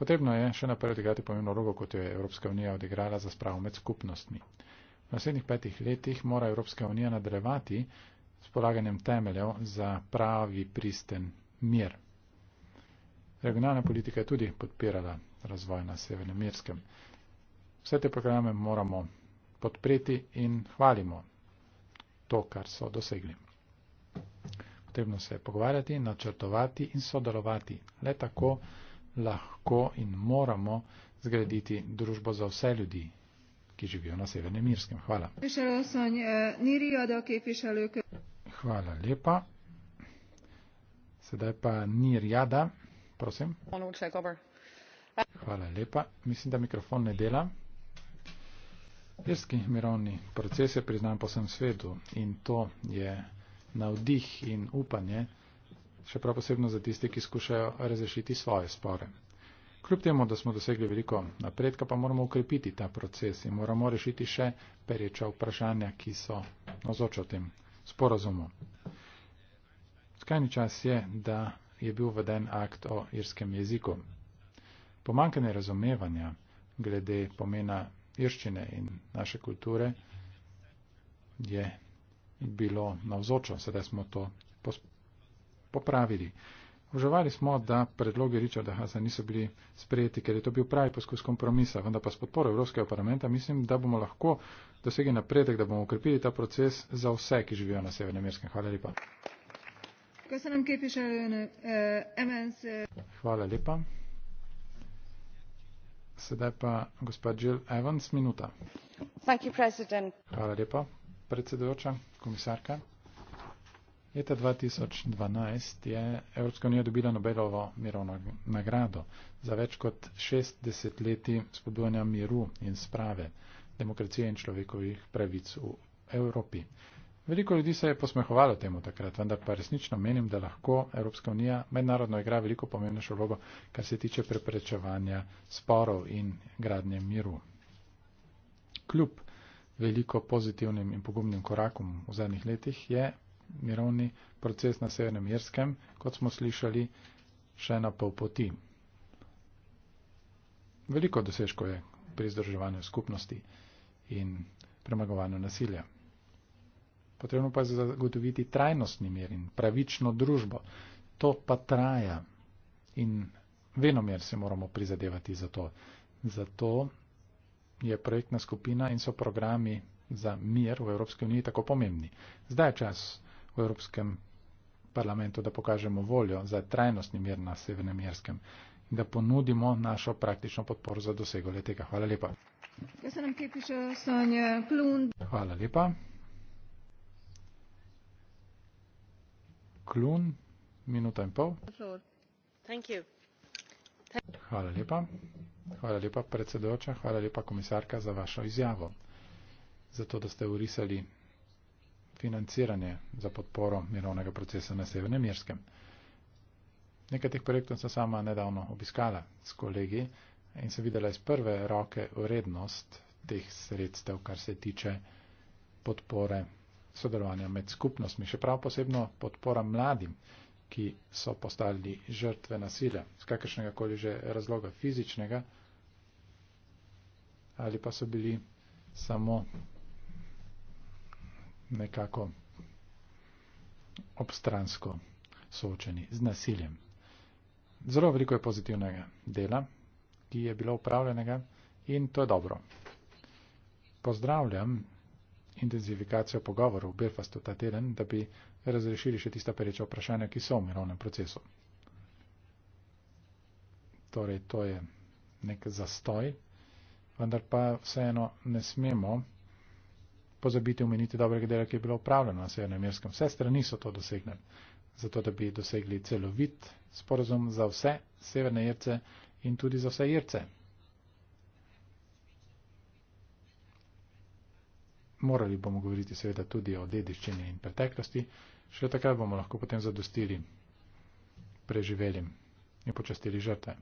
Potrebno je še naprej odigrati pomembno vlogo, kot jo je Evropska unija odigrala za spravo med skupnostmi. V naslednjih petih letih mora Evropska unija nadaljevati s polaganjem temeljev za pravi pristen mir. Regionalna politika je tudi podpirala razvoj na Severnem Irskem. Vse te programe moramo podpreti in hvalimo to, kar so dosegli. Potrebno se je pogovarjati, načrtovati in sodelovati. Le tako lahko in moramo zgraditi družbo za vse ljudi, ki živijo na Severnem Irskem. Hvala. Eh, Hvala lepa. Sedaj pa Nirjada, prosim. Hvala lepa. Mislim, da mikrofon ne dela. Irski mirovni proces je priznan po vsem svetu in to je navdih in upanje še prav posebno za tiste, ki skušajo razrešiti svoje spore. Kljub temu, da smo dosegli veliko napredka, pa moramo ukrepiti ta proces in moramo rešiti še pereča vprašanja, ki so nazočo tem sporazumu. Skrajni čas je, da je bil veden akt o irskem jeziku. Pomankanje razumevanja glede pomena irščine in naše kulture je bilo navzočo, sedaj smo to popravili. Obžovali smo, da predlogi Richarda Hasa niso bili sprejeti, ker je to bil pravi poskus kompromisa, vendar pa s podporo Evropskega parlamenta mislim, da bomo lahko dosegli napredek, da bomo ukrepili ta proces za vse, ki živijo na Severnemirskem. Hvala lepa. Eh, eh. Hvala lepa. Sedaj pa gospod Jill Evans, minuta. Hvala lepa, predsedujoča, komisarka. Leta 2012 je Evropska unija dobila Nobelovo mirovno nagrado za več kot šest desetletij spodbujanja miru in sprave, demokracije in človekovih pravic v Evropi. Veliko ljudi se je posmehovalo temu takrat, vendar pa resnično menim, da lahko Evropska unija mednarodno igra veliko pomembnejšo vlogo, kar se tiče preprečevanja sporov in gradnje miru. Kljub veliko pozitivnim in pogumnim korakom v zadnjih letih je mirovni proces na Severnem Irskem, kot smo slišali, še na pol poti. Veliko dosežko je pri združevanju skupnosti in premagovanju nasilja. Potrebno pa je zagotoviti trajnostni mir in pravično družbo. To pa traja in venomer se moramo prizadevati za to. Zato je projektna skupina in so programi za mir v Evropski uniji tako pomembni. Zdaj je čas v Evropskem parlamentu, da pokažemo voljo za trajnostni mir na Severnem Jerskem in da ponudimo našo praktično podporo za dosego le tega. Hvala lepa. Hvala lepa. Klun, minuta in pol. Hvala lepa. Hvala lepa, predsedoča. Hvala lepa, komisarka, za vašo izjavo. Zato, da ste urisali financiranje za podporo mirovnega procesa na Severnem Irskem. Nekaj teh projektov sem sama nedavno obiskala s kolegi in sem videla iz prve roke vrednost teh sredstev, kar se tiče podpore sodelovanja med skupnostmi, še prav posebno podpora mladim, ki so postali žrtve nasilja, z kakršnega koli že razloga fizičnega, ali pa so bili samo nekako obstransko soočeni z nasiljem. Zelo veliko je pozitivnega dela, ki je bilo upravljenega in to je dobro. Pozdravljam intenzifikacijo pogovorov v Belfastu ta teden, da bi razrešili še tista pereča vprašanja, ki so v mirovnem procesu. Torej, to je nek zastoj, vendar pa vseeno ne smemo pozabiti omeniti dobrega dela, ki je bilo upravljeno na severnem jerskem. Vse strani so to dosegle, zato da bi dosegli celovit sporozum za vse severne jerce in tudi za vse jerce. Morali bomo govoriti seveda tudi o dediščini in preteklosti, še takrat bomo lahko potem zadostili preživelim in počastili žrtve.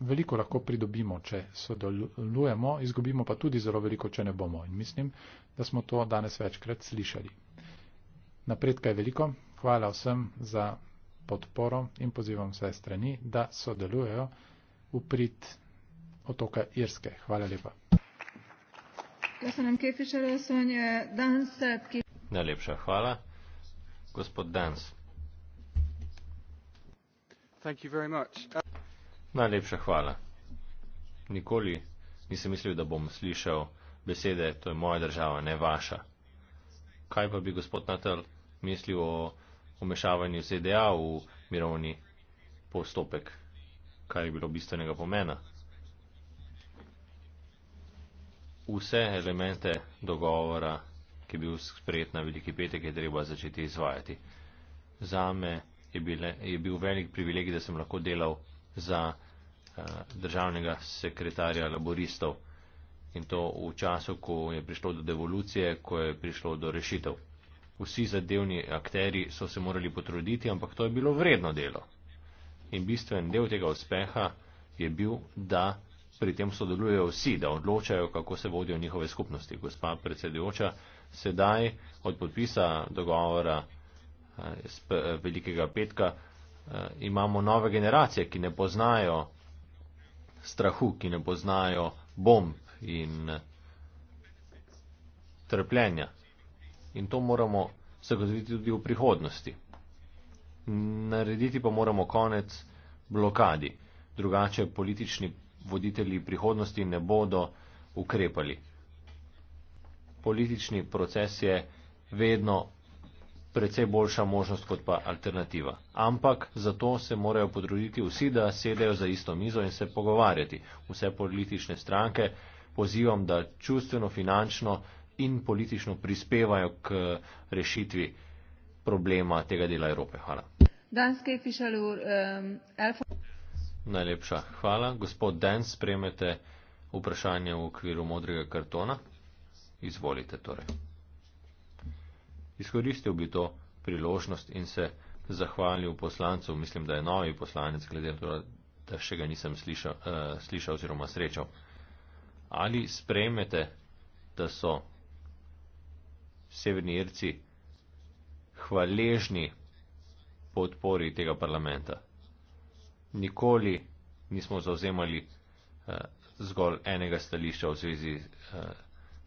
veliko lahko pridobimo, če sodelujemo, izgubimo pa tudi zelo veliko, če ne bomo. In mislim, da smo to danes večkrat slišali. Napredka je veliko. Hvala vsem za podporo in pozivam vse strani, da sodelujejo v prid otoka Irske. Hvala lepa. Najlepša hvala. Gospod Dans. Thank you very much. Najlepša hvala. Nikoli nisem mislil, da bom slišal besede, to je moja država, ne vaša. Kaj pa bi gospod Natal mislil o umešavanju ZDA v mirovni postopek? Kaj je bilo bistvenega pomena? Vse elemente dogovora, ki je bil sprejet na Veliki petek, je treba začeti izvajati. Zame je, bile, je bil velik privilegij, da sem lahko delal za eh, državnega sekretarja laboristov in to v času, ko je prišlo do devolucije, ko je prišlo do rešitev. Vsi zadevni akteri so se morali potruditi, ampak to je bilo vredno delo. In bistven del tega uspeha je bil, da pri tem sodelujejo vsi, da odločajo, kako se vodijo njihove skupnosti. Gospa predsedujoča, sedaj od podpisa dogovora eh, eh, velikega petka Eh, imamo nove generacije, ki ne poznajo strahu, ki ne poznajo bomb in eh, trpljenja. In to moramo zagotoviti tudi v prihodnosti. Narediti pa moramo konec blokadi, drugače politični voditelji prihodnosti ne bodo ukrepali. Politični proces je vedno precej boljša možnost kot pa alternativa. Ampak zato se morajo podružiti vsi, da sedajo za isto mizo in se pogovarjati. Vse politične stranke pozivam, da čustveno, finančno in politično prispevajo k rešitvi problema tega dela Evrope. Hvala. Ehm, Najlepša hvala. Gospod Dens, spremete vprašanje v okviru modrega kartona. Izvolite torej izkoristil bi to priložnost in se zahvalil poslancu, mislim, da je novi poslanec, glede na to, da še ga nisem slišal, uh, slišal oziroma srečal. Ali sprejmete, da so severni Irci hvaležni podpori tega parlamenta? Nikoli nismo zauzemali uh, eh, zgolj enega stališča v zvezi uh,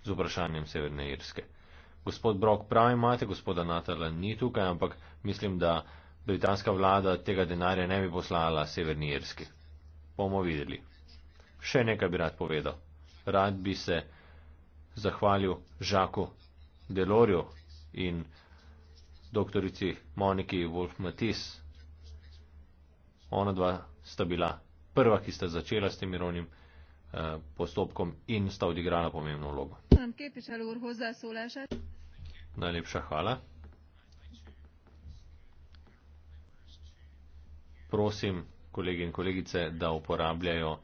z vprašanjem Severne Irske gospod Brok pravi, imate gospoda Natala ni tukaj, ampak mislim, da britanska vlada tega denarja ne bi poslala Severni Irski. Bomo videli. Še nekaj bi rad povedal. Rad bi se zahvalil Žaku Delorju in doktorici Moniki Wolf Matis. Ona dva sta bila prva, ki sta začela s tem mirovnim eh, postopkom in sta odigrala pomembno vlogo. Nem kepičar, ur hozzászólását. Najlepša hvala. Prosim kolegi in kolegice, da uporabljajo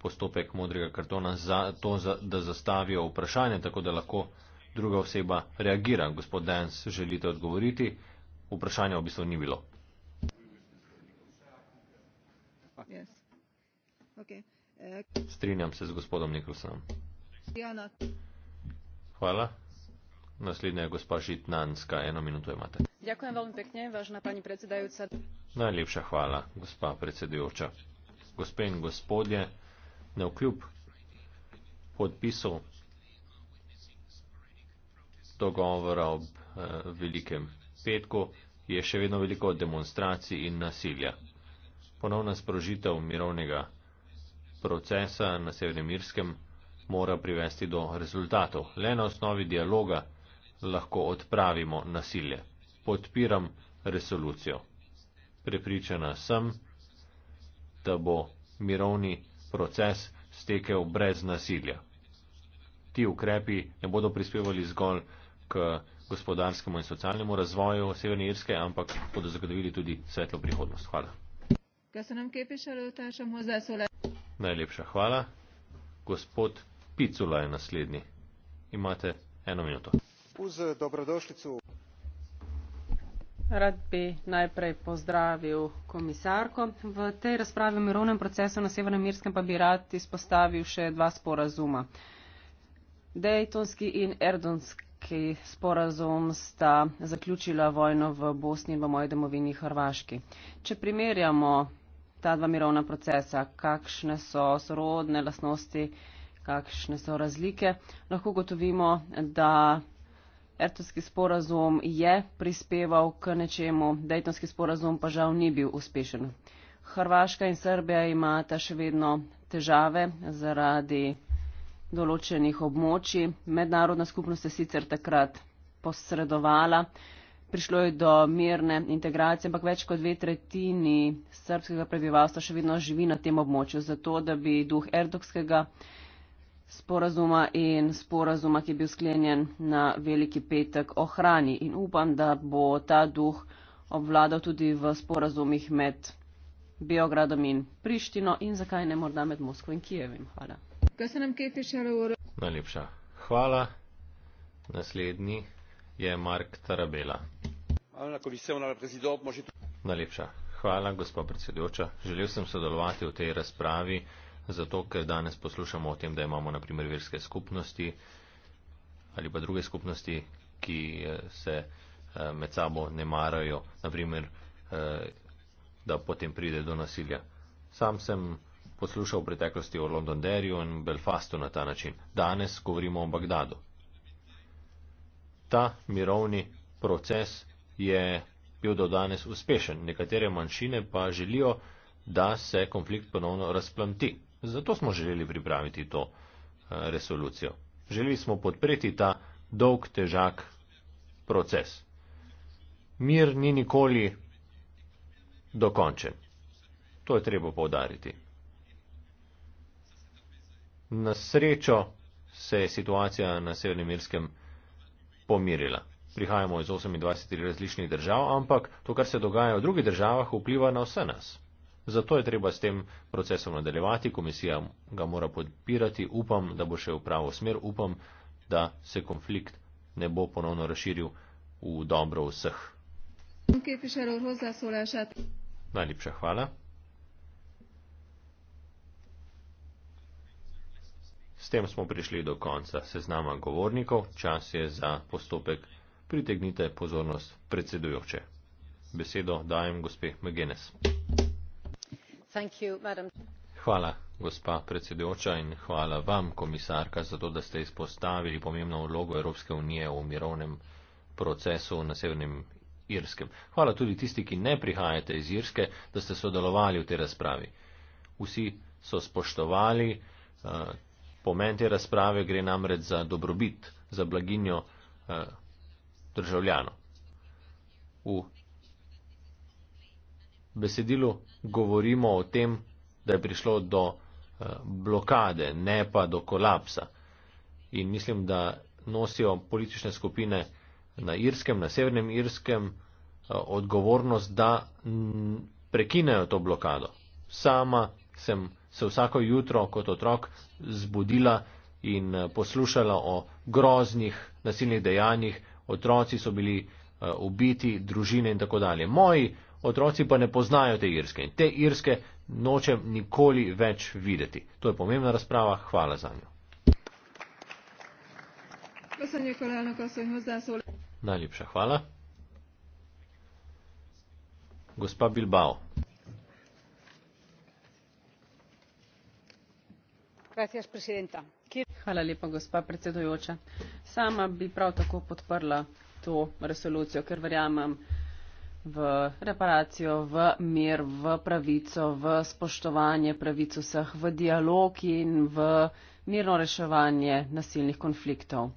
postopek modrega kartona za to, da zastavijo vprašanje, tako da lahko druga oseba reagira. Gospod Dens, želite odgovoriti? Vprašanja v bistvu ni bilo. Yes. Okay. Uh, Strinjam se z gospodom Nikolsonom. Hvala. Naslednja je gospa Žitnanska. Eno minuto imate. Ďakujem veľmi pekne, vážna pani predsedajúca. Najlepša hvala, gospa predsedujoča. Gospe in gospodje, na vkljub podpisu dogovora ob eh, velikem petku je še vedno veliko demonstracij in nasilja. Ponovna sprožitev mirovnega procesa na Severnem Irskem mora privesti do rezultatov. Le na osnovi dialoga lahko odpravimo nasilje. Podpiram resolucijo. Prepričana sem, da bo mirovni proces stekel brez nasilja. Ti ukrepi ne bodo prispevali zgolj k gospodarskemu in socialnemu razvoju Severne Irske, ampak bodo zagotovili tudi svetlo prihodnost. Hvala. Najlepša hvala. Gospod Picula je naslednji. Imate eno minuto. Eh, rad bi najprej pozdravil komisarko. V tej razpravi o mirovnem procesu na Severnem Irskem pa bi rad izpostavil še dva sporazuma. Dejtonski in Erdonski sporazum sta zaključila vojno v Bosni in v moji domovini Hrvaški. Če primerjamo ta dva mirovna procesa, kakšne so sorodne lasnosti, kakšne so razlike, lahko gotovimo, da Ertovski sporazum je prispeval k nečemu, Dejtonski sporazum pa žal ni bil uspešen. Hrvaška in Srbija imata še vedno težave zaradi določenih območij. Mednarodna skupnost je sicer takrat posredovala, prišlo je do mirne integracije, ampak več kot dve tretjini srpskega prebivalstva še vedno živi na tem območju, zato da bi duh Erdogskega sporazuma in sporazuma, ki je bil sklenjen na veliki petek, ohrani. In upam, da bo ta duh obvladal tudi v sporazumih med Beogradom in Prištino in zakaj ne morda med Moskvo in Kijevim. Hvala. Najlepša hvala. Naslednji je Mark Tarabela. Najlepša hvala, gospod predsedujoča. Želel sem sodelovati v tej razpravi zato ker danes poslušamo o tem, da imamo naprimer verske skupnosti ali pa druge skupnosti, ki eh, se eh, med sabo ne marajo, naprimer, eh, da potem pride do nasilja. Sam sem poslušal v preteklosti o Londonderju in Belfastu na ta način. Danes govorimo o Bagdadu. Ta mirovni proces je bil do danes uspešen. Nekatere manjšine pa želijo, da se konflikt ponovno razplanti. Zato smo želeli pripraviti to eh, resolucijo. Želeli smo podpreti ta dolg, težak proces. Mir ni nikoli dokončen. To je treba povdariti. Na srečo se je situacija na Severnem Irskem pomirila. Prihajamo iz 28 različnih držav, ampak to, kar se dogaja v drugih državah, vpliva na vse nas. Zato je treba s tem procesom nadaljevati, komisija ga mora podpirati, upam, da bo še v pravo smer, upam, da se konflikt ne bo ponovno razširil v dobro vseh. Najlepša hvala. S tem smo prišli do konca seznama govornikov. Čas je za postopek. Pritegnite pozornost predsedujoče. Besedo dajem gospe Megenes. Hvala, gospa predsedujoča, in hvala vam, komisarka, za to, da ste izpostavili pomembno vlogo Evropske unije v mirovnem procesu na Severnem Irskem. Hvala tudi tisti, ki ne prihajate iz Irske, da ste sodelovali v tej razpravi. Vsi so spoštovali uh, pomen te razprave, gre namreč za dobrobit, za blaginjo uh, eh, državljano. V besedilu govorimo o tem, da je prišlo do eh, blokade, ne pa do kolapsa. In mislim, da nosijo politične skupine na Irskem, na Severnem Irskem eh, odgovornost, da prekinejo to blokado. Sama sem se vsako jutro kot otrok zbudila in eh, poslušala o groznih nasilnih dejanjih, otroci so bili ubiti, družine in tako dalje. Moji otroci pa ne poznajo te irske in te irske nočem nikoli več videti. To je pomembna razprava, hvala za njo. Najlepša hvala. Gospa Bilbao. Hvala lepa, gospa predsedujoča. Sama bi prav tako podprla to resolucijo, ker verjamem, v reparacijo, v mir, v pravico, v spoštovanje pravic vseh, v dialog in v mirno reševanje nasilnih konfliktov.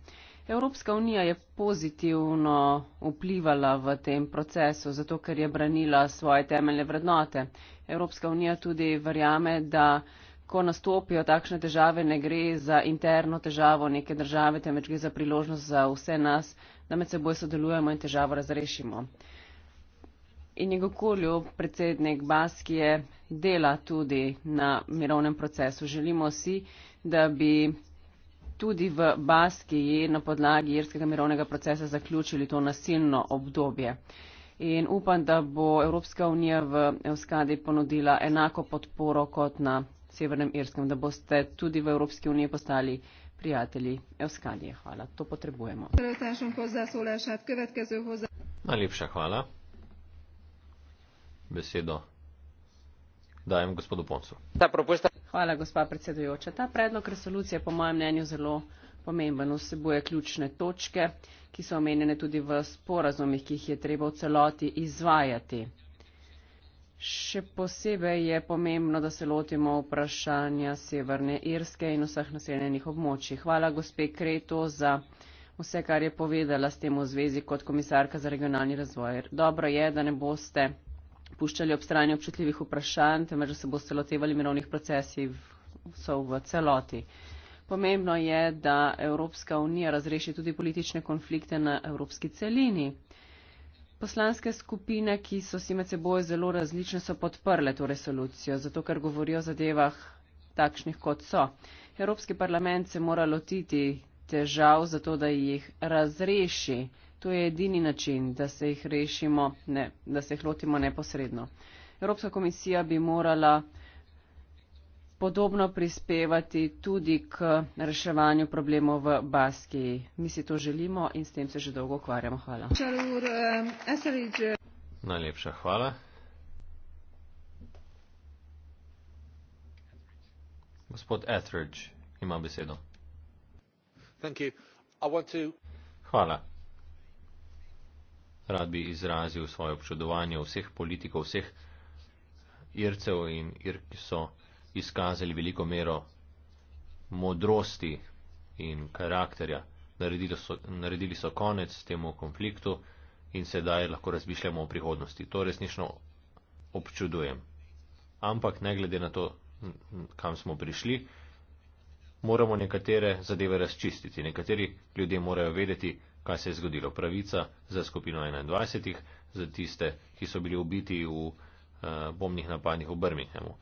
Evropska unija je pozitivno vplivala v tem procesu, zato ker je branila svoje temeljne vrednote. Evropska unija tudi verjame, da ko nastopijo takšne težave, ne gre za interno težavo neke države, temveč gre za priložnost za vse nas, da med seboj sodelujemo in težavo razrešimo in njegokolju predsednik Baskije dela tudi na mirovnem procesu. Želimo si, da bi tudi v Baskiji na podlagi irskega mirovnega procesa zaključili to nasilno obdobje. In upam, da bo Evropska unija v Euskadi ponudila enako podporo kot na Severnem Irskem, da boste tudi v Evropski uniji postali prijatelji Euskadije. Hvala, to potrebujemo. Najlepša hvala besedo. Dajem gospodu Poncu. Propuesta... Hvala, gospa predsedujoča. Ta predlog resolucije je po mojem mnenju zelo pomemben. Vsebuje ključne točke, ki so omenjene tudi v sporazumih, ki jih je treba v celoti izvajati. Še posebej je pomembno, da se lotimo vprašanja Severne Irske in vseh naseljenih območij. Hvala, gospe Kreto, za vse, kar je povedala s tem v zvezi kot komisarka za regionalni razvoj. Dobro je, da ne boste puščali ob strani občutljivih vprašanj, temveč se boste lotevali mirovnih procesov v celoti. Pomembno je, da Evropska unija razreši tudi politične konflikte na evropski celini. Poslanske skupine, ki so si med seboj zelo različne, so podprle to resolucijo, zato ker govorijo o zadevah takšnih, kot so. Evropski parlament se mora lotiti težav, zato da jih razreši. To je edini način, da se jih rešimo, ne, da se jih lotimo neposredno. Evropska komisija bi morala podobno prispevati tudi k reševanju problemov v Baskiji. Mi si to želimo in s tem se že dolgo ukvarjamo. Hvala. Najlepša hvala. Gospod Etheridge ima besedo. Hvala rad bi izrazil svoje občudovanje vseh politikov, vseh Ircev in Irk, ki so izkazali veliko mero modrosti in karakterja. Naredili so, naredili so konec temu konfliktu in sedaj lahko razmišljamo o prihodnosti. To resnično občudujem. Ampak ne glede na to, kam smo prišli, moramo nekatere zadeve razčistiti. Nekateri ljudje morajo vedeti, kaj se je zgodilo. Pravica za skupino 21, za tiste, ki so bili ubiti v uh, bombnih napadih v Birminghamu.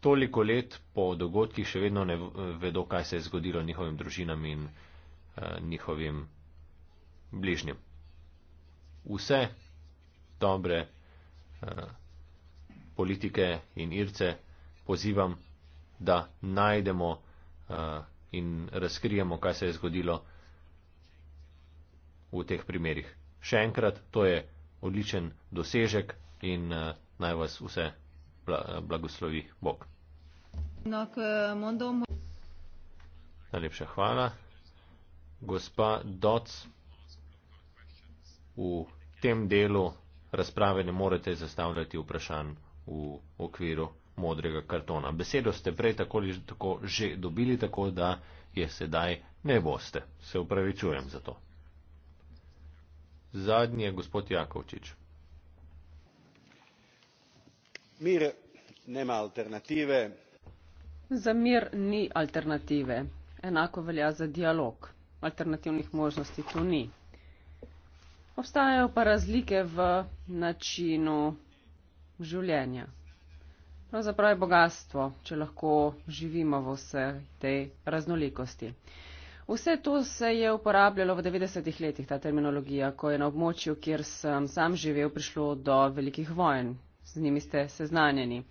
Toliko let po dogodkih še vedno ne vedo, kaj se je zgodilo njihovim družinam in uh, njihovim bližnjim. Vse dobre uh, politike in irce pozivam, da najdemo uh, in razkrijemo, kaj se je zgodilo v teh primerjih. Še enkrat, to je odličen dosežek in eh, naj vas vse eh, blagoslovi Bog. Eh, Najlepša hvala. Gospa Doc, v tem delu razprave ne morete zastavljati vprašanj v okviru modrega kartona. Besedo ste prej tako ali tako že dobili, tako da je sedaj ne boste. Se upravičujem za to. Zadnji je gospod Jakovčič. Mir nema alternative. Za mir ni alternative. Enako velja za dialog. Alternativnih možnosti tu ni. Obstajajo pa razlike v načinu življenja. Pravzaprav je bogatstvo, če lahko živimo v vsej tej raznolikosti. Uh, Vse to se je uporabljalo v 90-ih letih, ta terminologija, ko je na območju, kjer sem sam živel, prišlo do velikih vojen. Z njimi ste seznanjeni.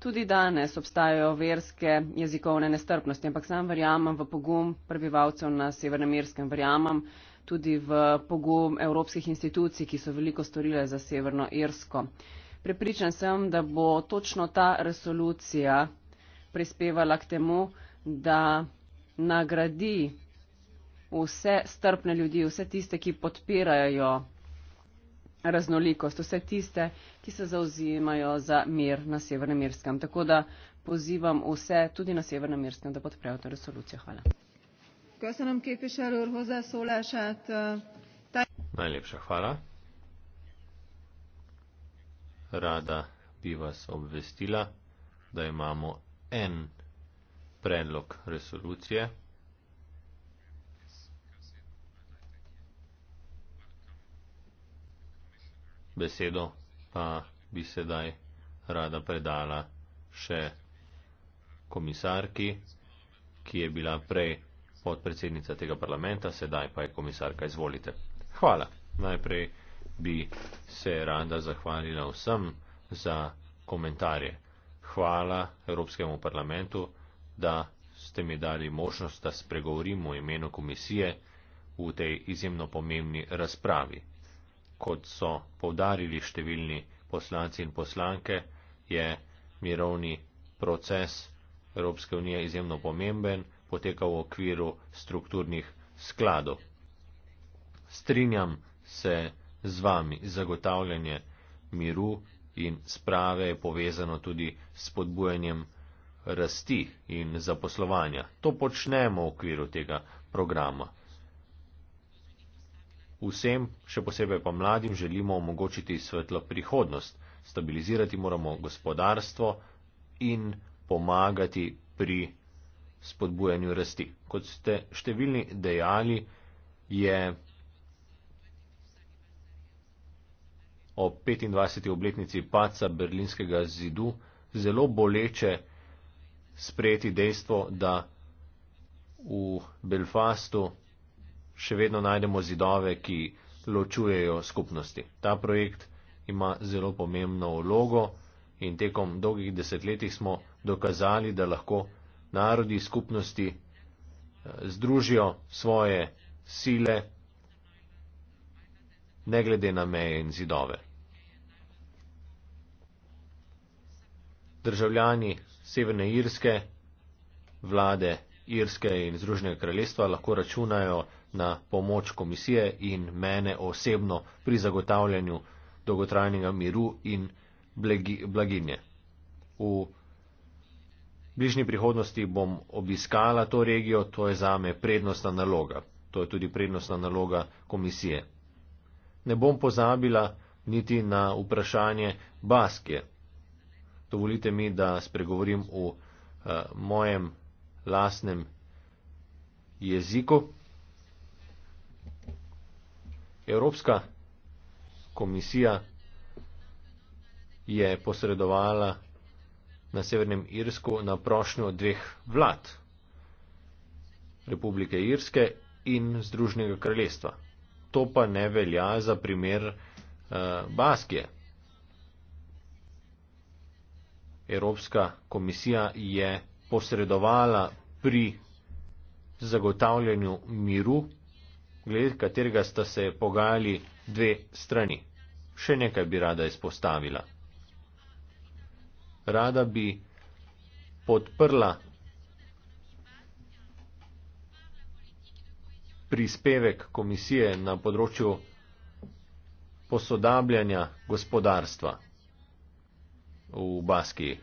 Tudi danes obstajajo verske jezikovne nestrpnosti, ampak sam verjamem v pogum prebivalcev na Severnem Irskem, verjamem tudi v pogum evropskih institucij, ki so veliko storile za Severno Irsko. Prepričan sem, da bo točno ta resolucija prispevala k temu, da nagradi vse strpne ljudi, vse tiste, ki podpirajo raznolikost, vse tiste, ki se zauzimajo za mir na Severnem Irskem. Tako da pozivam vse, tudi na Severnem Irskem, da podprejo to resolucijo. Hvala. Köszönöm képviselő úr hozzászólását. Najlepša hvala. Rada bi vas obvestila, da imamo en predlog resolucije. besedo pa bi sedaj rada predala še komisarki, ki je bila prej podpredsednica tega parlamenta, sedaj pa je komisarka, izvolite. Hvala. Najprej bi se rada zahvalila vsem za komentarje. Hvala Evropskemu parlamentu, da ste mi dali možnost, da spregovorim v imenu komisije v tej izjemno pomembni razpravi kot so povdarili številni poslanci in poslanke, je mirovni proces Evropske unije izjemno pomemben, poteka v okviru strukturnih skladov. Strinjam se z vami, zagotavljanje miru in sprave je povezano tudi s podbujanjem rasti in zaposlovanja. To počnemo v okviru tega programa. Vsem, še posebej pa mladim, želimo omogočiti svetlo prihodnost, stabilizirati moramo gospodarstvo in pomagati pri spodbujanju rasti. Kot ste številni dejali, je o 25. obletnici paca berlinskega zidu zelo boleče sprejeti dejstvo, da v Belfastu še vedno najdemo zidove, ki ločujejo skupnosti. Ta projekt ima zelo pomembno vlogo in tekom dolgih desetletij smo dokazali, da lahko narodi skupnosti eh, združijo svoje sile, ne glede na meje in zidove. Državljani Severne Irske, vlade Irske in Združenega kraljestva lahko računajo, na pomoč komisije in mene osebno pri zagotavljanju dolgotrajnega miru in blaginje. V bližnji prihodnosti bom obiskala to regijo, to je za me prednostna naloga. To je tudi prednostna naloga komisije. Ne bom pozabila niti na vprašanje Baskije. Dovolite mi, da spregovorim v uh, mojem lasnem jeziku. Evropska komisija je posredovala na Severnem Irsku na prošnjo dveh vlad Republike Irske in Združnega kraljestva. To pa ne velja za primer uh, Baskije. Evropska komisija je posredovala pri zagotavljanju miru glede katerega sta se pogajali dve strani. Še nekaj bi rada izpostavila. Rada bi podprla prispevek komisije na področju posodabljanja gospodarstva v Baskiji.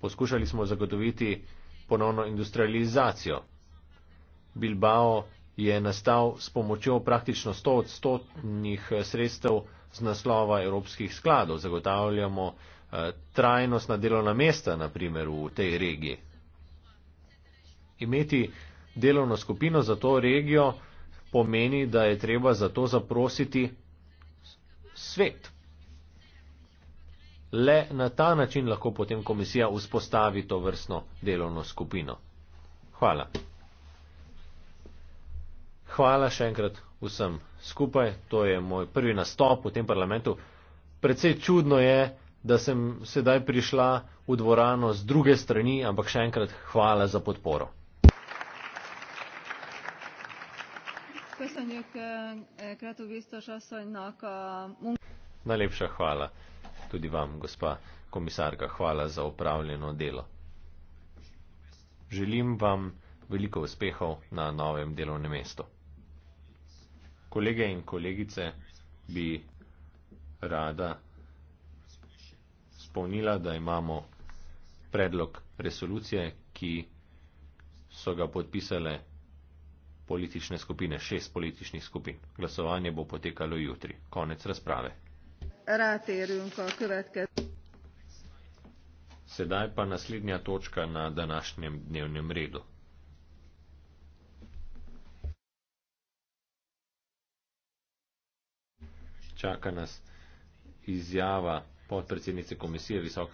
Poskušali smo zagotoviti ponovno industrializacijo. Bilbao je nastal s pomočjo praktično 100 odstotnih eh, sredstev z naslova evropskih skladov. Zagotavljamo eh, trajnost na delovna mesta, naprimer v tej regiji. Imeti delovno skupino za to regijo pomeni, da je treba za to zaprositi svet. Le na ta način lahko potem komisija vzpostavi to vrstno delovno skupino. Hvala hvala še enkrat vsem skupaj. To je moj prvi nastop v tem parlamentu. Predvsej čudno je, da sem sedaj prišla v dvorano z druge strani, ampak še enkrat hvala za podporo. Eh, eh, Najlepša hvala tudi vam, gospa komisarka. Hvala za upravljeno delo. Želim vam veliko uspehov na novem delovnem mestu kolege in kolegice bi rada spomnila, da imamo predlog resolucije, ki so ga podpisale politične skupine, šest političnih skupin. Glasovanje bo potekalo jutri. Konec razprave. Ratirunko, Sedaj pa naslednja točka na današnjem dnevnem redu. čaka nas izjava podpredsednice komisije visoke